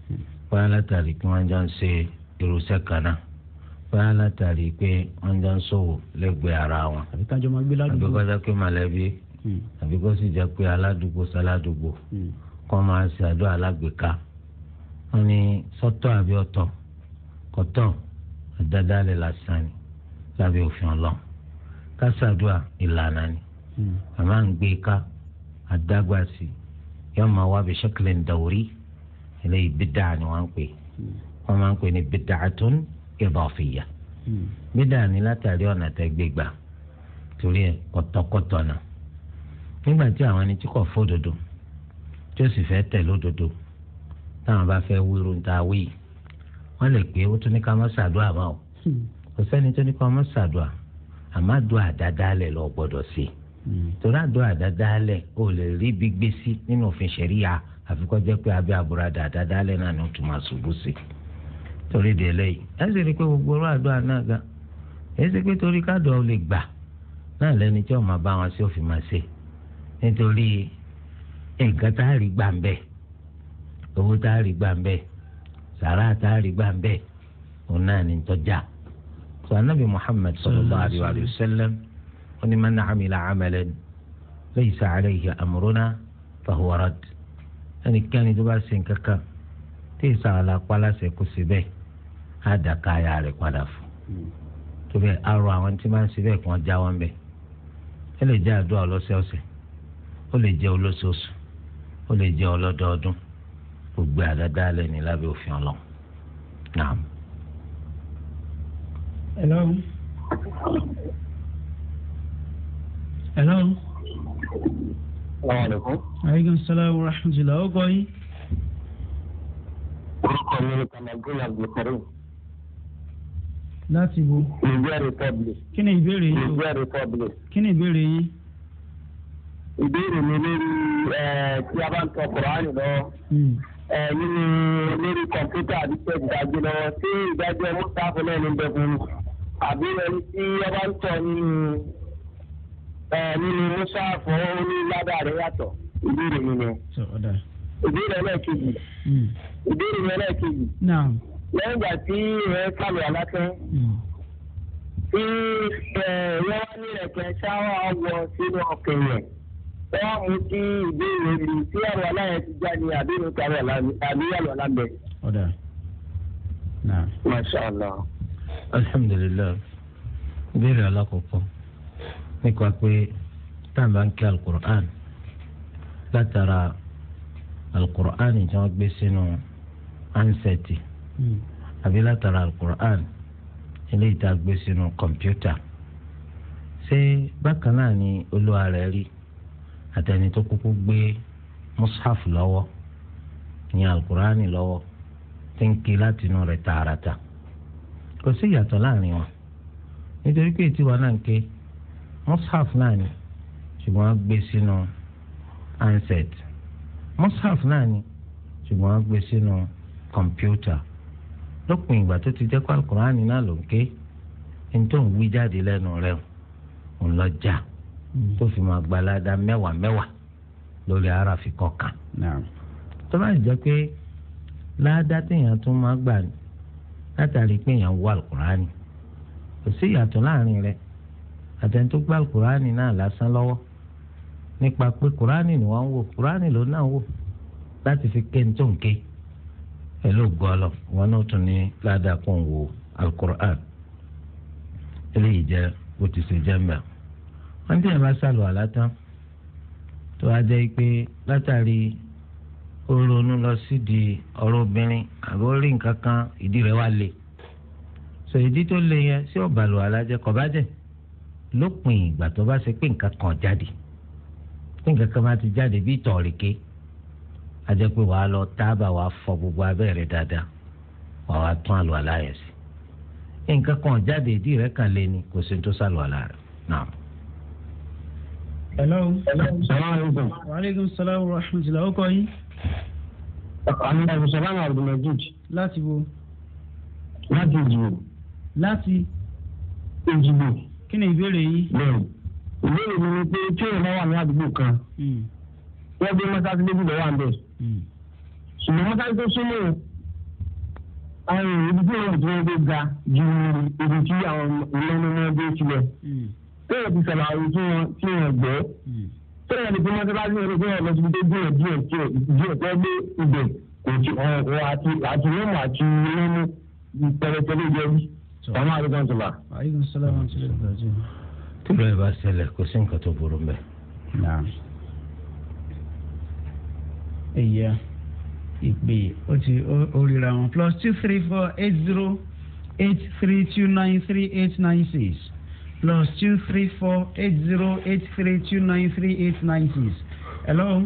hmm. báyà látàrí kí wọ́n ń ń ṣe irúṣẹ́ kan náà bóyá látàrí pé wọ́n jọ ń ṣòwò lẹ́gbẹ̀ẹ́ ara wọn àbí kájọ máa gbé ládùúgbò àbí kó jẹ́ pé mọ̀lẹ́bí hmm. àbí kó sì jẹ́ pé aládùúgbò sáládùúgbò hmm. kó máa ṣe àdúrà alágbèéká wọ́n ní sọ́tọ̀ àbí ọ̀tọ̀ kọ́tọ̀ àdádálẹ̀ lásán ni lábẹ́ òfin ọlọ́run kásádùá ìlànà ni màmá hmm. ń gbé ká àdágbà yóò máa wá bí ń dàwórí eléyìí bídà ni wọ́n ń pè wọ́n máa ń pè ní ìdọ̀fìyà hmm. bídà ni látàrí ọ̀nà tẹ́ gbé gbà torí ẹ̀ kọ̀tọ̀kọ̀tọ̀ náà nígbà tí àwọn ẹni tí kò fódodo tí ó sì fẹ́ tẹ̀ lódodo táwọn bá fẹ́ wíru ń ta wí wọ́n lè pé ó tún ní ká má ṣàdúrà mọ́ hmm. o kò sẹ́ni tó ní ká má ṣàdúrà àmọ́ àdúrà dáadáa lẹ̀ lọ gbọ́dọ̀ sí i hmm. torí àdúrà dáadáa lẹ̀ lè rí ibi gbé nínú òfin ṣẹ̀ríya àfikọ́ pé abẹ́ àbúradà dáadáa náà ni ó tún máa ṣubú sí i torí di eléyìí ẹ sì rí i pé gbogbo ọ̀rọ̀ àdúrà náà gan ẹ sì pé torí káàdọ̀ ò lè gbà náà lẹni tí ọmọ bá wọn sí òfin máa ṣe nítorí nǹkan tá a rí gbà ń bẹ owó tá a rí gbà ń bẹ sàrà tá a rí gbà ń bẹ òun náà ní tọ́jà sọ anábì Muhammad sallallahu alaihi wa sallam ó ní man amila amalan laysa alayhi amruna fahuwa ẹnikẹ́ni tó bá ṣe nǹkan kan tí ìsàlà pa láṣẹ kó sí àdàkà ara rẹ̀ padà fún tó bẹ́ẹ̀ arọ àwọn tí máa ń ṣe bẹ́ẹ̀ kí wọ́n já ń bẹ̀ ó lè jẹ́ àdúrà ọlọ́sẹ̀ọ̀sẹ̀ ó lè jẹ́ olóṣooṣù ó lè jẹ́ ọlọ́dọọdún gbogbo àdáda alẹ́ ní lábẹ́ òfin ọlọ́run náà. hello
hello. salaamaleykum. aleykum salaam wa rahmatulah. ó kọ́ yín. orúkọ mi
ni kanagun abdulkareem
láti wo. Nigeria republic. kí
ni ìbéèrè yìí o. Nigeria republic.
kí ni ìbéèrè yìí. ìbéèrè mi lórí
ẹ tí a bá ń tọ kùránì lọ hmm. ẹ nínú lórí kọ̀ǹpútà àti tẹ̀sí ìdájọ́ lọ́wọ́ ṣé ìdájọ́ mustapha náà ló ń bẹ fún un àbí ẹni tí a bá ń tọ nínú nínú mustapha ó ní ládàá yàtọ̀ ìbéèrè mi ni. ìbéèrè ẹlẹ́ẹ̀kejì. Hmm. ìbéèrè mi ẹlẹ́ẹ̀kejì lẹ́yìn ìgbà tí ìyẹn sàlùwà látẹ́ tí wọ́n wá ní ẹ̀kẹ́ ṣáwá wọ sínú ọkàn rẹ̀ wọ́n á mú kí ìbéèrè lu tí àrùn aláyẹ̀ ti já ní àbínú kárẹ̀ àbíyàlú alábẹ́.
ọ̀dà
náà.
masha allah.
alhamdulilayi ìbéèrè alákọ̀ọ́kọ́ nípa pé táwọn bá ń kí alukur'an látara alukur'an tí wọ́n gbé sínú ansẹ́tì àbí látara alukur'an eléyìí tá a gbé sínú kọ̀mpútà ṣé bákan náà ni olúwa rẹ̀ rí àtẹni tó kúkú gbé mushaf lọ́wọ́ ní alukur'an lọ́wọ́ tí ń ké látinú rẹ̀ tààràtà kò sí ìyàtọ̀ láàrin wọn nítorí pé ìtiwọ́ náà ń ké mushaf náà ni ṣùgbọ́n a gbé sínú handset mushaf náà ni ṣùgbọ́n a gbé sínú kọ̀mpútà. No lópin ìgbà tó ti jẹ́ pé alukur'ani náà ló ń ké ẹni tó ń wí jáde lẹ́nu rẹ̀ ń lọ jà tó fi máa gbalada mẹ́wàá mẹ́wàá lórí aráàfin kọ̀ọ̀kan. tó bá jẹ́ pé láàdá téèyàn tún máa gbà látàrí pé èèyàn wá alukur'ani kò sí ìyàtọ̀ láàrin rẹ̀ àtẹni tó gbá alukur'ani náà lásán lọ́wọ́ nípa pé kur'ani ni wọ́n ń wò kur'ani ló náà wò láti fi ké ní tó ń ké pẹ̀lú gọ́ọ̀lọ̀ wọn náà tún ní ládàá kan wo alukur'an eléyìí jẹ́ bó ti ṣe jẹ́ mẹ́à wọ́n dẹ̀ bá sàlù àlátán tó wá jẹ́ pé látàrí ó ronú lọ sídìí ọ̀rọ̀ obìnrin àbó rí nǹkan kan ìdí rẹ̀ wá le sọ ìdí tó le yẹn sí ọ̀bàlù àlájẹ kọ̀ bá jẹ́ lópin ìgbà tó bá ṣe pé nǹkan kan jáde nǹkan kan bá ti jáde bí ìtọ̀ rèké ajẹ́ pé wàá lọ tábà wàá fọ gbogbo abẹ́ rẹ̀ dáadáa wàá wá tún àlọ́ aláyẹ̀ sí nǹkan kan jáde ìdí rẹ̀ kàn lé ni kò sí tó sàlọ́ àlá rẹ̀
náà. hello. salaamaleykum. waaleykum salaam wa rahmatulah o kọ yín. àmì abdulsalam abdulmajid. láti wo. láti ìjìbò. láti. ìjìbò.
kí ni ìbéèrè yìí. bẹ́ẹ̀ ìbéèrè mi ni pé tí èèyàn bá wà ní àdúgbò kan. Hmm. wọ́n gbé mọ́tàdínlógún lọ́wọ́ àbẹ̀ ṣùgbọ́n mọ́tàlí tó súnmọ́ àwọn ibi tí wọ́n ti wọ́n ga ju ibi tí àwọn ìlànà wọn dé tilẹ̀ tó o ti sọ̀rọ̀ àwọn tí wọ́n tí wọ́n gbọ́ tó yẹ ti fi mọ́tàlí tó yẹ kó lọ síbi tó díẹ̀ díẹ̀ díẹ̀ díẹ̀ tó gbé ibẹ̀ kò ti ọ̀hún àti àti mímu àti mímu pẹ̀lẹ́pẹ̀lẹ́ ìjẹbi. sàmú àdúgbò ń sọ̀rọ̀.
àyíkú sọlá wọn ti lè gbàjú.
kí ló yẹ bá ṣẹlẹ̀ kò sí nǹkan tó burú mẹ́
ẹ̀yà ìpè ó ti ó ríra wọn plus two three four eight zero eight three two nine three eight nine six plus two three four eight zero eight three two nine three eight nine six. hello.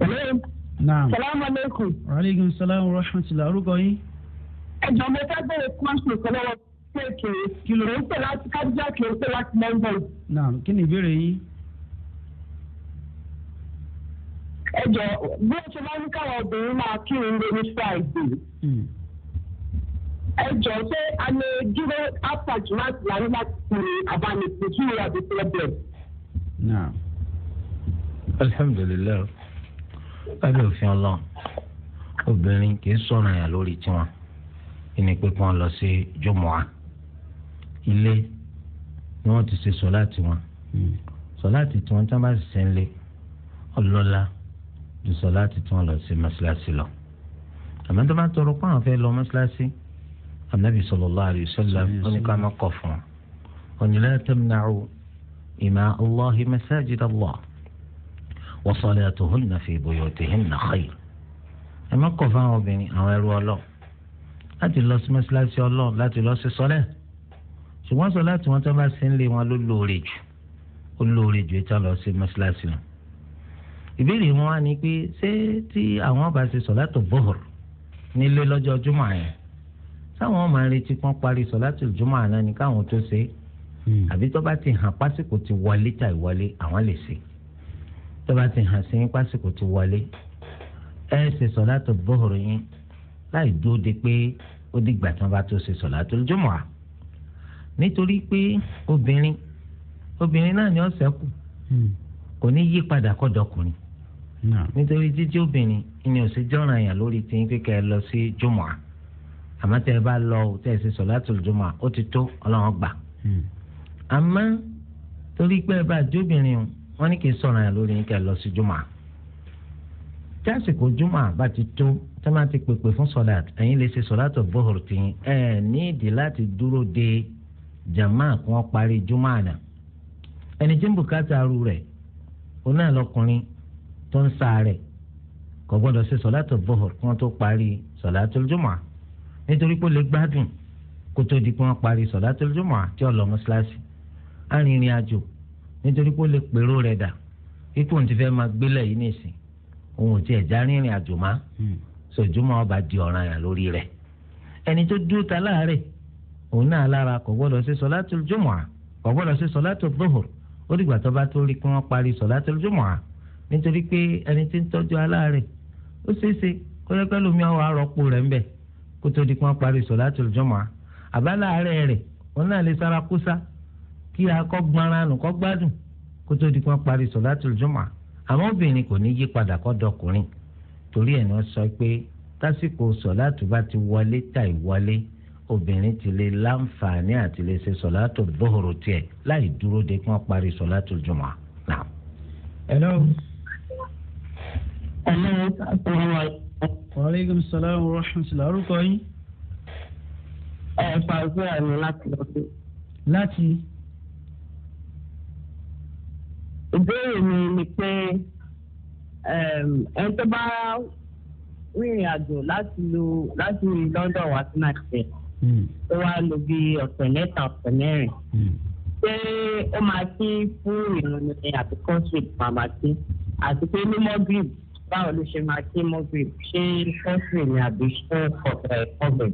hello. naam. salaamaleykum. waaleykum salaam wa rahmatulah orúkọ yín. ẹ̀jọ̀ mi fẹ́ bẹ̀rẹ̀ kọ́ńtù kọ́lọ́wọ́ kéèké kìlọ̀ ń pè láti kájíjà kìlọ̀ ń pè láti mọ́ńgò. kí ni ìbéèrè yín.
ẹ jọ bí wọ́n ṣe máa ń káwọn obìnrin máa kírun lé friday hmm. ẹ jọ ṣé a lè dúró after jùmọ̀tì láyé láti fi àbálẹ̀kùn kí wọ́n àbí problem.
naam alhamdulilayi lábẹ́ òfin ọlọ́run obìnrin kì í sọ̀rọ̀ yàn lórí tiwọn ìní pé kí wọ́n lọ sí jùmọ̀á ilé ni wọ́n ti ṣe sọ láti wọn hmm. sọ láti tiwọn tí wọ́n bá ṣiṣẹ́ ńlẹ̀ ọlọ́lá ju sọláàtì tí wọ́n lọ sí mọ́ṣáláṣí lọ àmọ́ tó bá tọrọ pé àwọn fẹ́ lọ mọ́ṣáláṣí anabi sallallahu alayhi wa sallam ó ní ká má kọ̀ fún wọn ó ní la tamna'u ima allahi masajid allah wa salatuhunna fi buyutihinna khayr ẹ má kọ̀ fún àwọn obìnrin àwọn ẹrú ọlọ́ọ̀ láti lọ sí mọ́ṣáláṣí ọlọ́ọ̀ láti lọ sí sọ́lẹ̀ ṣùgbọ́n sọ láti wọn tó bá sí ń lé wọn ló lóore jù ó lóore jù ètò ìbéèrè wọn á ní pé ṣé tí àwọn bá ṣe sọ̀látò bọ́ọ̀rù nílé lọ́jọ́ júmọ̀ yẹn sáwọn máa retí kán parí sọ̀látò júmọ̀ àná ni káwọn tó ṣe hmm. àbí tó bá ti hàn pásìkò ti wọlé tà ìwọlé àwọn lè ṣe tó bá ti hàn sí pásìkò ti wọlé ẹ ṣe sọ̀látò bọ́ọ̀rù yín láì dúró de pé ó dìgbà tí wọ́n bá tó ṣe sọ̀látò júmọ̀ à nítorí pé obìnrin obìnrin náà ni ó ṣẹ́kù hmm. kò ní yí padà kọ́ dọkùnrin nítorí jíjí obìnrin ìní ò sí jọ́ràn yàn lórí tí yín kékeré lọ sí jùmọ̀à àmọ́ tẹ́ ẹ bá lọ ò tẹ́ ẹ sì sọ̀látùl jùmọ̀à ó ti tó ọlọ́run gbà. Hmm. àmọ́ torí pé ẹ bá jóbìnrin wọn ní kì í sọ̀ràn yàn lórí yín kẹ́ lọ sí jùmọ̀à. tí àsìkò jùmọ̀à bá ti tó tẹ́ máa ti pèpè fún sọ̀lát ẹ̀yin lè ṣe sọ̀látù bọ́ọ̀rù tì yín ẹ̀ ní láti dúró de jàmáà kí wọ́n parí jùmọ̀à náà ẹni tí ń tó ń sa rẹ̀ kò gbọ́dọ̀ ṣe sọ̀látò bọ́hùr kí wọ́n tó parí sọ̀látò jùmọ̀ nítorí pé ó lè gbádùn kó tó di pé wọ́n parí sọ̀látò jùmọ̀ tí ó lọ mọ́ṣáláṣí arìnrìn àjò nítorí pé ó lè pèrò rẹ̀ dà ipò tí fẹ́ máa gbélé yìí nìsín òun ò tiẹ̀ já rìnrìn àjò má sòjúmọ́ ọba di ọ̀ràn yà lórí rẹ̀ ẹni tó dúró ta láàárẹ̀ òun náà lára kò gbọ́dọ̀ ṣe sọ̀látò jùmọ̀ kò gbọ́dọ̀ ṣe sọ̀látò bọ́hùr ó dìgbà tó bá tó rí kí wọ́n parí sọ̀látò jùmọ̀ nítorí pé ẹni tí ń tọ́jú aláàárẹ̀ ó ṣeéṣe kọ́yọ́pẹ́ lómi àwọn arọ́pò rẹ̀ ń bẹ̀ kó tó di pọ́n parí solatul jumu'a àbáláàárẹ̀ rẹ̀ òun náà lè sára kóṣá kí akọ́ gbọ́nra nù kọ́ gbádùn kó tó di pọ́n parí solatul jumu'a àmọ́ obìnrin kò ní yí padà kọ́ dọkùnrin torí ẹ̀ ni wọ́n sọ pé tásìkò sọ̀láàtù bá ti wọlé tàì wọlé obìnrin ti lè láǹfààní àti lè ṣe sọ̀láàtù dóhòrò tiẹ̀ láì dúró de kí wọ́n parí sọ̀láàtù jùmọ̀
náà. hello aleykum salaam wa rahmatulah orúkọ yín. ẹ pàṣẹ àná láti ọdún. láti.
ìbéèrè mi ni pé ẹ tó bá rìnrìn àjò láti lo láti London wá sí Nàìjíríà tó hmm. wá lò bí ọ̀sẹ̀ mẹ́ta ọ̀sẹ̀ mẹ́rin pé hmm. ó máa kí fún ìrìn àbíkọ́sì màmá sí àti pé ní mọ́gìrì báwo ló ṣe máa kí mọ́gbìn ṣé fọ́sì ni àbí fún ọ̀bẹ̀.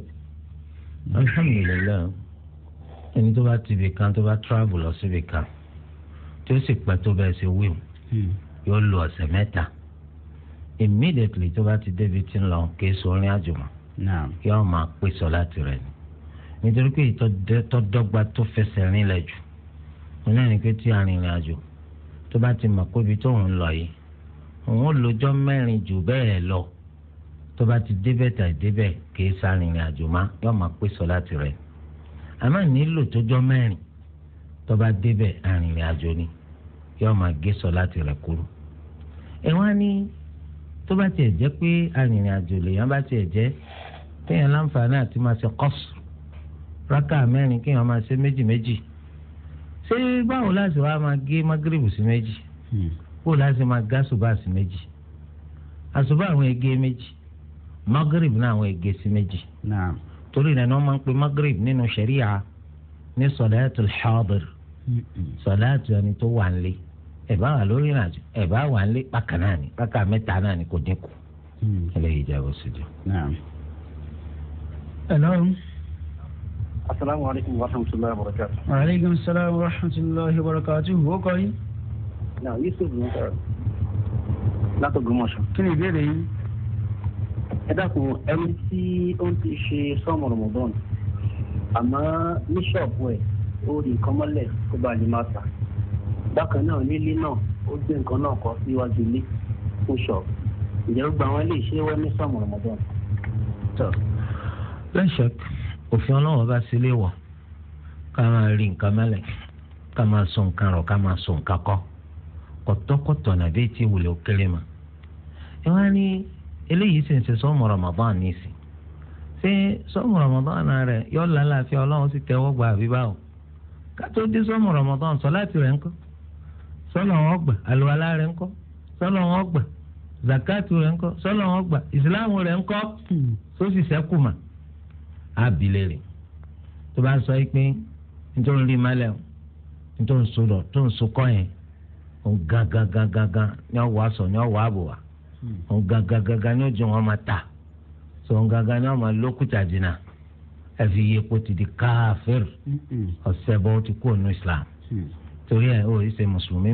alhamdulilayi
ẹni tó bá tibì kan tó bá travel lọ síbì kan tí ó sì pẹ́ tó bẹ́ẹ̀ ṣe wíwù hmm. yóò lo ọ̀sẹ̀ mẹ́ta immediately tó bá ti débi tí ń lọ kì í sọrin àjùmọ̀ yóò máa pè sọ láti rẹ̀ ni nítorí pé ìtọ́dọ́gba tó fẹsẹ̀ rinlẹ̀ jù ní ẹni pé tí arìnrìn àjò tó bá ti mọ̀ pé ibi tó ń lọ yìí òun lọ́jọ́ mẹ́rin jù bẹ́ẹ̀ lọ tó bá ti débẹ̀ tà débẹ̀ kì í sàrìnrìn àjò má yóò máa pé sọ láti rẹ̀ àmọ́ nílò tójọ́ mẹ́rin tó bá débẹ̀ àrìnrìn àjò ni yóò máa gé sọ láti rẹ̀ kúrú. ẹ wá ní tó bá tiẹ̀ jẹ́ pé àrìnrìn àjò lèèyàn bá tiẹ̀ jẹ́ téèyàn láǹfààní àti máa ṣe kọ́sù rákà mẹ́rin kéèyàn máa ṣe méjì méjì ṣé báwo láti wá máa gé magrib sí méjì. Hmm bó láti máa gá subáàsì méjì àsùbá àwọn ege méjì magrib náà àwọn ege sí méjì. torí rẹ̀ ni wọ́n máa ń pe magrib nínú sẹ̀ríà ní sọ̀dáàtù hadir sọ̀dáàtù ẹni tó wà nílé ẹ̀bá wà lórí ìrìnàjò ẹ̀bá wà nílé pàkà náà ni pàkà mẹ́ta náà ni kò dínkù. Mm. eléyìí jẹ́ oṣù jù. hello.
asalaamualeykum wa rahmatulahi wa barakatu. wa salaam wa rahmatulahi wa barakatu. wo kọ́ yín náà yusuf ló ń sọ̀rọ̀ látọ̀gbọ́mọṣọ. kí ni ìbéèrè yín.
ẹ dákun ẹni tí ó ti ṣe sọ́ọ̀mù rọ̀mọ̀dọ́n àmọ́ ní ṣọ́ọ̀bù ẹ̀ ó rí nǹkan mọ́lẹ̀ kó bá lè máa tà bákan náà nílé náà ó gbé nǹkan náà kọ síwájú ilé ó ṣọ́ọ̀bù ìjẹ́ ó gba àwọn ilé ìṣe wọ́n ní sọ́ọ̀mù rọ̀mọ̀dọ́n.
lẹ́sẹ̀ òfin ọlọ́wọ́ bá sílé wọ̀ ká máa rí nǹkan mọ́lẹ̀ ká máa sọ nǹkan rọ̀ ká máa sọ nǹkan kọ́ kọ̀tọ́kọ̀tọ̀ nàbí tí wùlé ó kéré ma ẹ wá ní eléyìí sì ń ṣe sọ́mù Ramadan nìsí ṣé sọ́mù Ramadan rẹ̀ yọ lálàáfíà ọlọ́run sì tẹ́wọ́ gba àbí báwo kátó dé sọ́mù Ramadan sọ láti rẹ̀ ńkọ́ sọ́lọ̀ wọn gbà àlùwalá rẹ̀ ńkọ́ sọ́lọ̀ wọn gbà zakatu rẹ̀ ńkọ́ sọ́lọ̀ wọn gbà ìsìláàmù rẹ̀ ńkọ́ sósì sẹ́kù mà ábìlẹ̀ tó bá sọ yìí pé nítorí rí malẹ̀ nítorí sọ̀rọ̀ tó ń sọkọ́ yẹn òun gangan ni wọ́n sọ ni wàá hmm. òun ta sọ òun gangan ni máa lókùtà ti di káfíìr hmm. Islam hmm. torí mùsùlùmí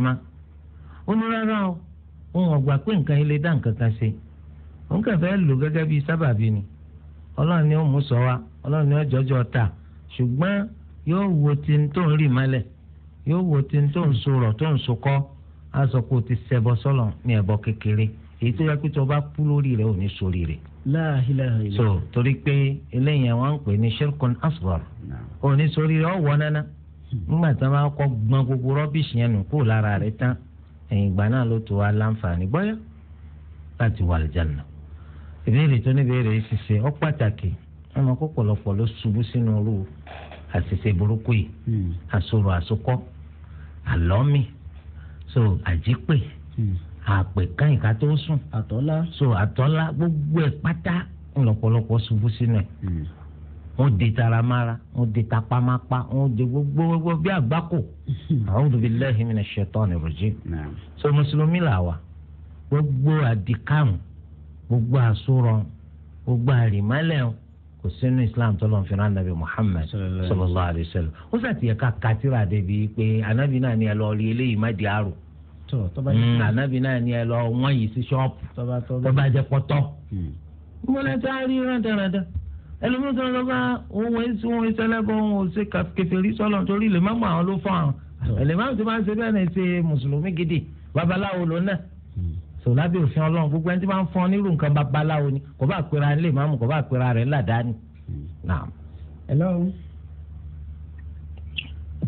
á sọ pé o ti ṣẹbọ sọlọ ní ẹbọ kékeré èyí tó yẹ pé tó bá kú lórí rẹ ò ní sórí rẹ. la ilaha illallah. so torí pé eléyìí àwọn ń pè ní shirkun asghar ò ní sórí rẹ ọ wọ nánà nígbà tí wọn bá kọ gbọn gbogbo rọbìṣì yẹn nù kó lára rẹ tán ẹ̀yìn ìgbà náà ló tó wa láǹfààní bọ́yá láti wà lìjànà. ìbéèrè tó ní yìí ṣiṣẹ́ ọ pàtàkì ọmọ kọpọlọpọ ló ṣubú sínú irú àṣìṣe burúkú yìí hmm. àṣòro àṣokọ àlọ́mì so àjípè hmm. àpè káyìnká tó sùn àtọ́lá so àtọ́lá gbogbo ẹ̀ pátá ńlọ́pọ̀lọpọ̀ ṣubú sínú ẹ̀ hmm. wọ́n di taramara wọ́n di tapamapa wọ́n di gbogbo gbogbo bí àgbákò hmm. a'udhu billahi minash shaitani rajim so mùsùlùmí là wà gbogbo àdìkàrùn gbogbo àsúrọ̀ gbogbo àrìmọ́lẹ̀ kò sínú islam tó lọ́n fi rán anabi muhammed sallallahu alayhi wa sallam ó sàtì yẹ ká katira débi pé anabi náà ni ẹ lọ rí eléyìí má di àrò anabi hmm. náà ni ẹ lọ wọ́n yìí sí ṣọ́ọ̀pù tó bá jẹ́ pọ́tọ́ mọlẹ hmm. tá a rí rádaràda ẹlòmíràn tó ń lọ bá òun wọn sí wọn ìṣẹlẹbọ òun ò ṣe kẹfẹrí sọlọ nítorí lè àwọn ló fọ àwọn ẹlẹmọ àwọn tó bá ń ṣe bẹ́ẹ̀ náà ṣe mùsùlùmí gidi babaláwo ló sọ lábẹ́ òfin ọlọ́run gbogbo ẹni tí wọ́n fọ́n nírú nǹkan babaláwo ni kò bá pera nílé màmú kò bá pera rẹ̀ ládàáni. hello.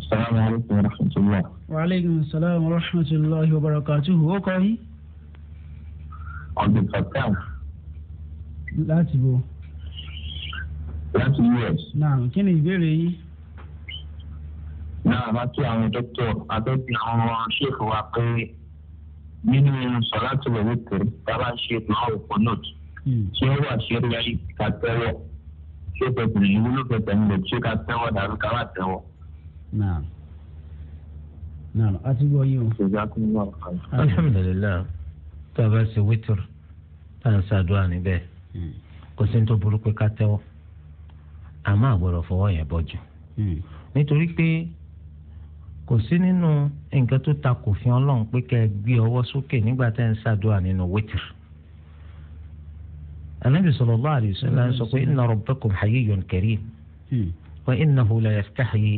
salaamaleykum wa rahmatulah.
wa aleykum salaam wa rahmatulah wa barakatuhu o kọ́ yín.
ọ̀gbìn kankan.
láti bo. láti us. naam kí ni ìbéèrè yín
náà bá kí àwọn dókítà àbẹ́bí àwọn ṣèkù wa pé nínú sọláàtì lọ́wọ́ tẹ̀ tábà ṣe máa wò fún náà tí ó wà ṣe rẹ́rí ká tẹ́wọ̀ ṣé pẹ̀tẹ̀ ìlú ló pẹ̀tẹ̀ ń lọ ṣé ká tẹ́wọ̀ dàbí ká má tẹ́wọ̀.
naam naam a yín
o. alhamdulilayi tó a bá ṣe wítìrì tá à ń ṣàdúrà níbẹ̀ hmm. kò sí ní tó burú pé ká tẹ́wọ̀ àmọ́ àgbọ̀dọ̀ fọwọ́ yẹn bọ́ jù hmm. nítorí pé kò sí nínú nǹkan tó ta kò fi ọlọ́run pé kẹ́ ẹ gbé ọwọ́ sókè nígbà tẹ́ ń ṣàdúrà nínú wítìrì. Ànábì sallallahu alaihi wasallam sọ pé inna rabbakum hayyun karim hmm. wa innahu la yastahyi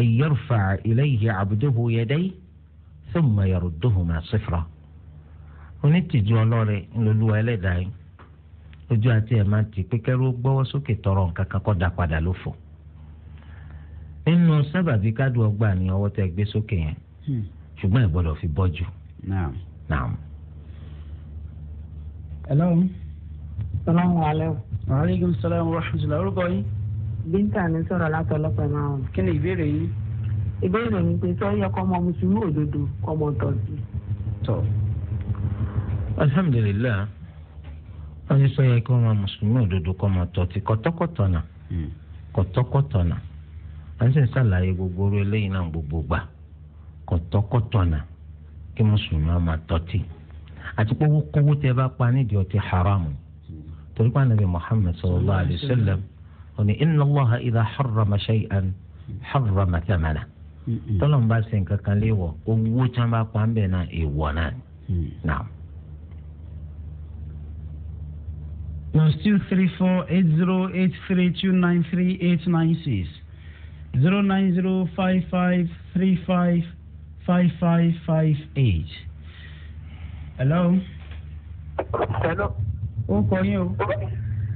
an yarfa'a ilayhi abduhu yadayhi thumma yarudduhuma sifra. onítìjú ọlọ́rẹ̀ ńlọlúwa ẹlẹ́dàá ojú àti ẹ̀ máa ti pé kẹ́rú gbọ́wọ́ sókè tọrọ nǹkan nínú sábàbí kádùn ọgbà ní ọwọ́ tẹ gbé sókè yẹn hmm. ṣùgbọ́n ẹ gbọ́dọ̀ fi bọ́jú.
hello. salaamu aleykum. maaleykum salaam wa rahmatulah orúkọ bíńtà sọ̀rọ̀ látọ̀ lọ́pẹ́ máa ń. kí ni ìbéèrè yìí. ìbéèrè mi pé
mùsùlùmí à ń sì ń ṣàlàyé gbogbo orí eléyìí náà gbogbo gbà kọ̀tọ́kọ̀tọ̀nà kí mùsùlùmí ọmọ tọ́tì àti pé owó kówó tẹ bá pa nídìí ọtí haramu torí pé anabi muhammed sallallahu alayhi wa sallam òní inna allaha idha harrama shay'an harrama thamana tọ́lọ́mù bá ṣe nǹkan kan léèwọ̀ owó tí wọ́n
bá pa ń bẹ̀ náà èèwọ̀
náà náà.
plus two three four eight zero eight three two nine three eight nine six zero nine zero five five three five five five five eight. hello. hello.
ó kọ yín o.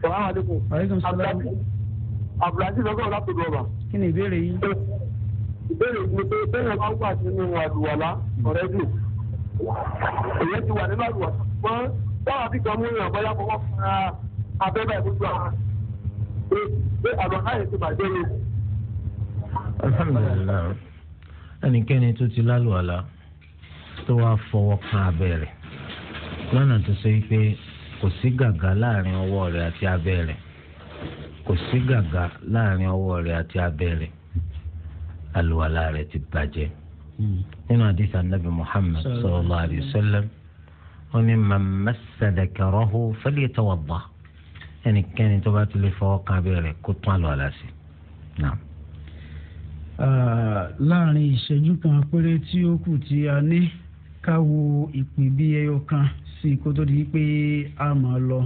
salaamaleykum. aleykum salaam. abdulaziz ọgọ́rùn-ún láti gbọ́ba. kí ni ìbéèrè yín. ìbéèrè mi pé bẹ́ẹ̀ máa ń wà sínú àlùwàlá ọ̀rẹ́ jù. èyí ti wà nínú àlùwàlá ṣùgbọ́n báwa bí kan mú ìrìn àbọ̀yá fọwọ́ fún abẹ́bẹ̀ ìbújú àwọn. pé àlọ́ náà yẹn ti bàjẹ́ lóko
alhamdulilayi ẹnikẹ́ni tó ti lálùwàlá tó wàá fọwọ́ kan abẹ́rẹ́ lọ́nà tó ṣe pé kò sí gàgà láàrin ọwọ́ rẹ̀ àti abẹ́rẹ́ kò sí gàgà láàrin ọwọ́ rẹ̀ àti abẹ́rẹ́ àlùwàlá rẹ̀ ti bàjẹ́ nínú àdìsí anabi muhammed sallallahu alayhi wa wọn ni màmá sàdàkàrọ́hù falyatawadda ẹnikẹ́ni tó bá ti lè fọwọ́ kan abẹ́rẹ́ kó tún àlùwàlá sí
Ah, láàrin ìṣẹ́jú kan péré tí ó kù tí a ní ká wo ìpín bí ẹyọ kan sí kó tó di pé a máa lọ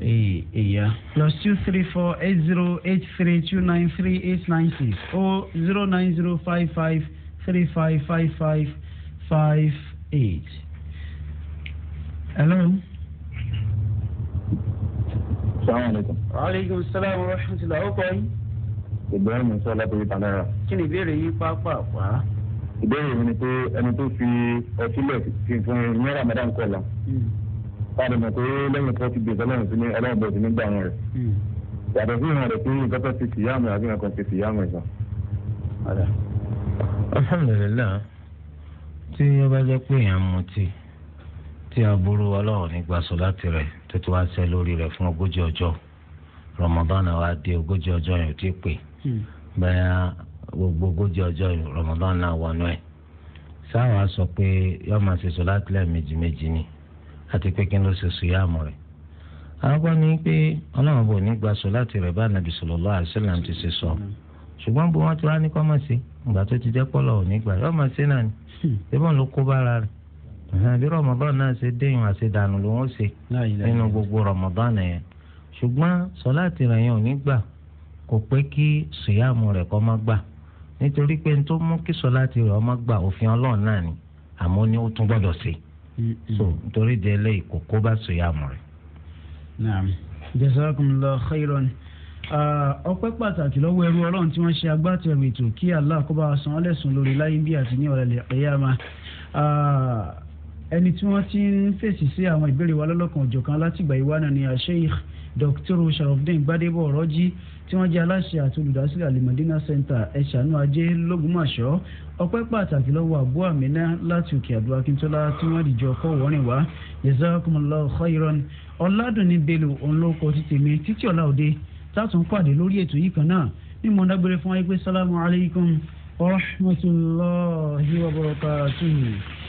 èyà eh, plus two three four eight zero eight three two nine three eight nine six o zero nine zero five five three five five five five eight. hello. salaamaleykum.
waaleykum salaam wa rahmatulah. ó kọ́ yín ìbéèrè mi sọ látòrí ta náírà. kí ni ìbéèrè yín pápá wá. ìbéèrè mi ni pé ẹni tó fi ọtí lẹ̀ fi fún ní ramadan kọlà. Hmm. táàdì mọ̀ pé lẹ́yìn tó ti gbé sọ́lọ́run sí ní ọlọ́run bẹ̀rẹ̀ sí ní gbà wọn rẹ̀. Hmm. yàtọ̀ sí ìhàn rẹ̀ pé nǹkan tó ti fìyàmù àbí nǹkan ti fìyàmù ẹ̀ sàn.
alhamdulilayi tí ó bá jẹ́ pé èèyàn mutí tí aburú ọlọ́run nígbà sọ láti rẹ̀ tó ti wá ramadan wa dé ogójì ọjọ́ yẹn ò pè é Hmm. bẹ́ẹ̀ gbogbo ogójì ọjọọ Ramadan náà wà nù ẹ̀ sáwọn a sọ pé yọ máa ṣe sọ láti lẹ́ẹ̀mejì méjì àti pé ló ṣe sọ láti rẹ̀ bá nàbì ti ṣe sọ bó ti wá ní máa ṣe ìgbà tó ti ò ní gbà máa ṣe náà ni ìbọn ló kó bára rẹ̀ bí rọmọdán náà ṣe déyìn ló ń ṣe nínú gbogbo yẹn sọ láti yẹn ò ní gbà kò pé kí sùyàmù rẹ̀ kọ́ má gbà nítorí pé n tó mú kí sọláàtì rẹ̀ ọmọ gbà òfin ọlọ́run náà ni àmọ́ ni ó tún gbọ́dọ̀ sí so nítorí di eléyìí kò kó bá sùyàmù rẹ̀.
naam jazakumullahu khairan ọpẹ́ pàtàkì lọ́wọ́ ẹrú ọlọ́run tí wọ́n ṣe agbátẹrù ètò kí Allah kó bá san ọlẹ́sùn lórí láyé bí àti ní ọ̀rẹ́lẹ̀ ẹ̀yàmá ẹni tí wọ́n ti ń fèsì sí àwọn ìbéèrè wa lọ́lọ́kan òjọ̀kan látìgbà ìwánà ni Sheikh dr sharafdin gbadebo ọ̀rọ̀jì tí wọ́n jẹ́ aláṣẹ àti olùdásílẹ̀ alimadina center ẹ̀ṣánú ajé lọ́gùnmáṣọ́ ọpẹ́ pàtàkì lọ́wọ́ abu amina láti òkè àdúrà kíntola tí wọ́n dìjọ kọ́ wọ́rin wá jazakumullahu khairan ọ̀làdùnní bello ònlọ́kọ̀ títí mi títí ọ̀la òde tátùn pàdé lórí ètò yìí kan náà ní mo dágbére fún wa yìí pé sálámù alaykum wa rahmatulahi wa barakatuhu.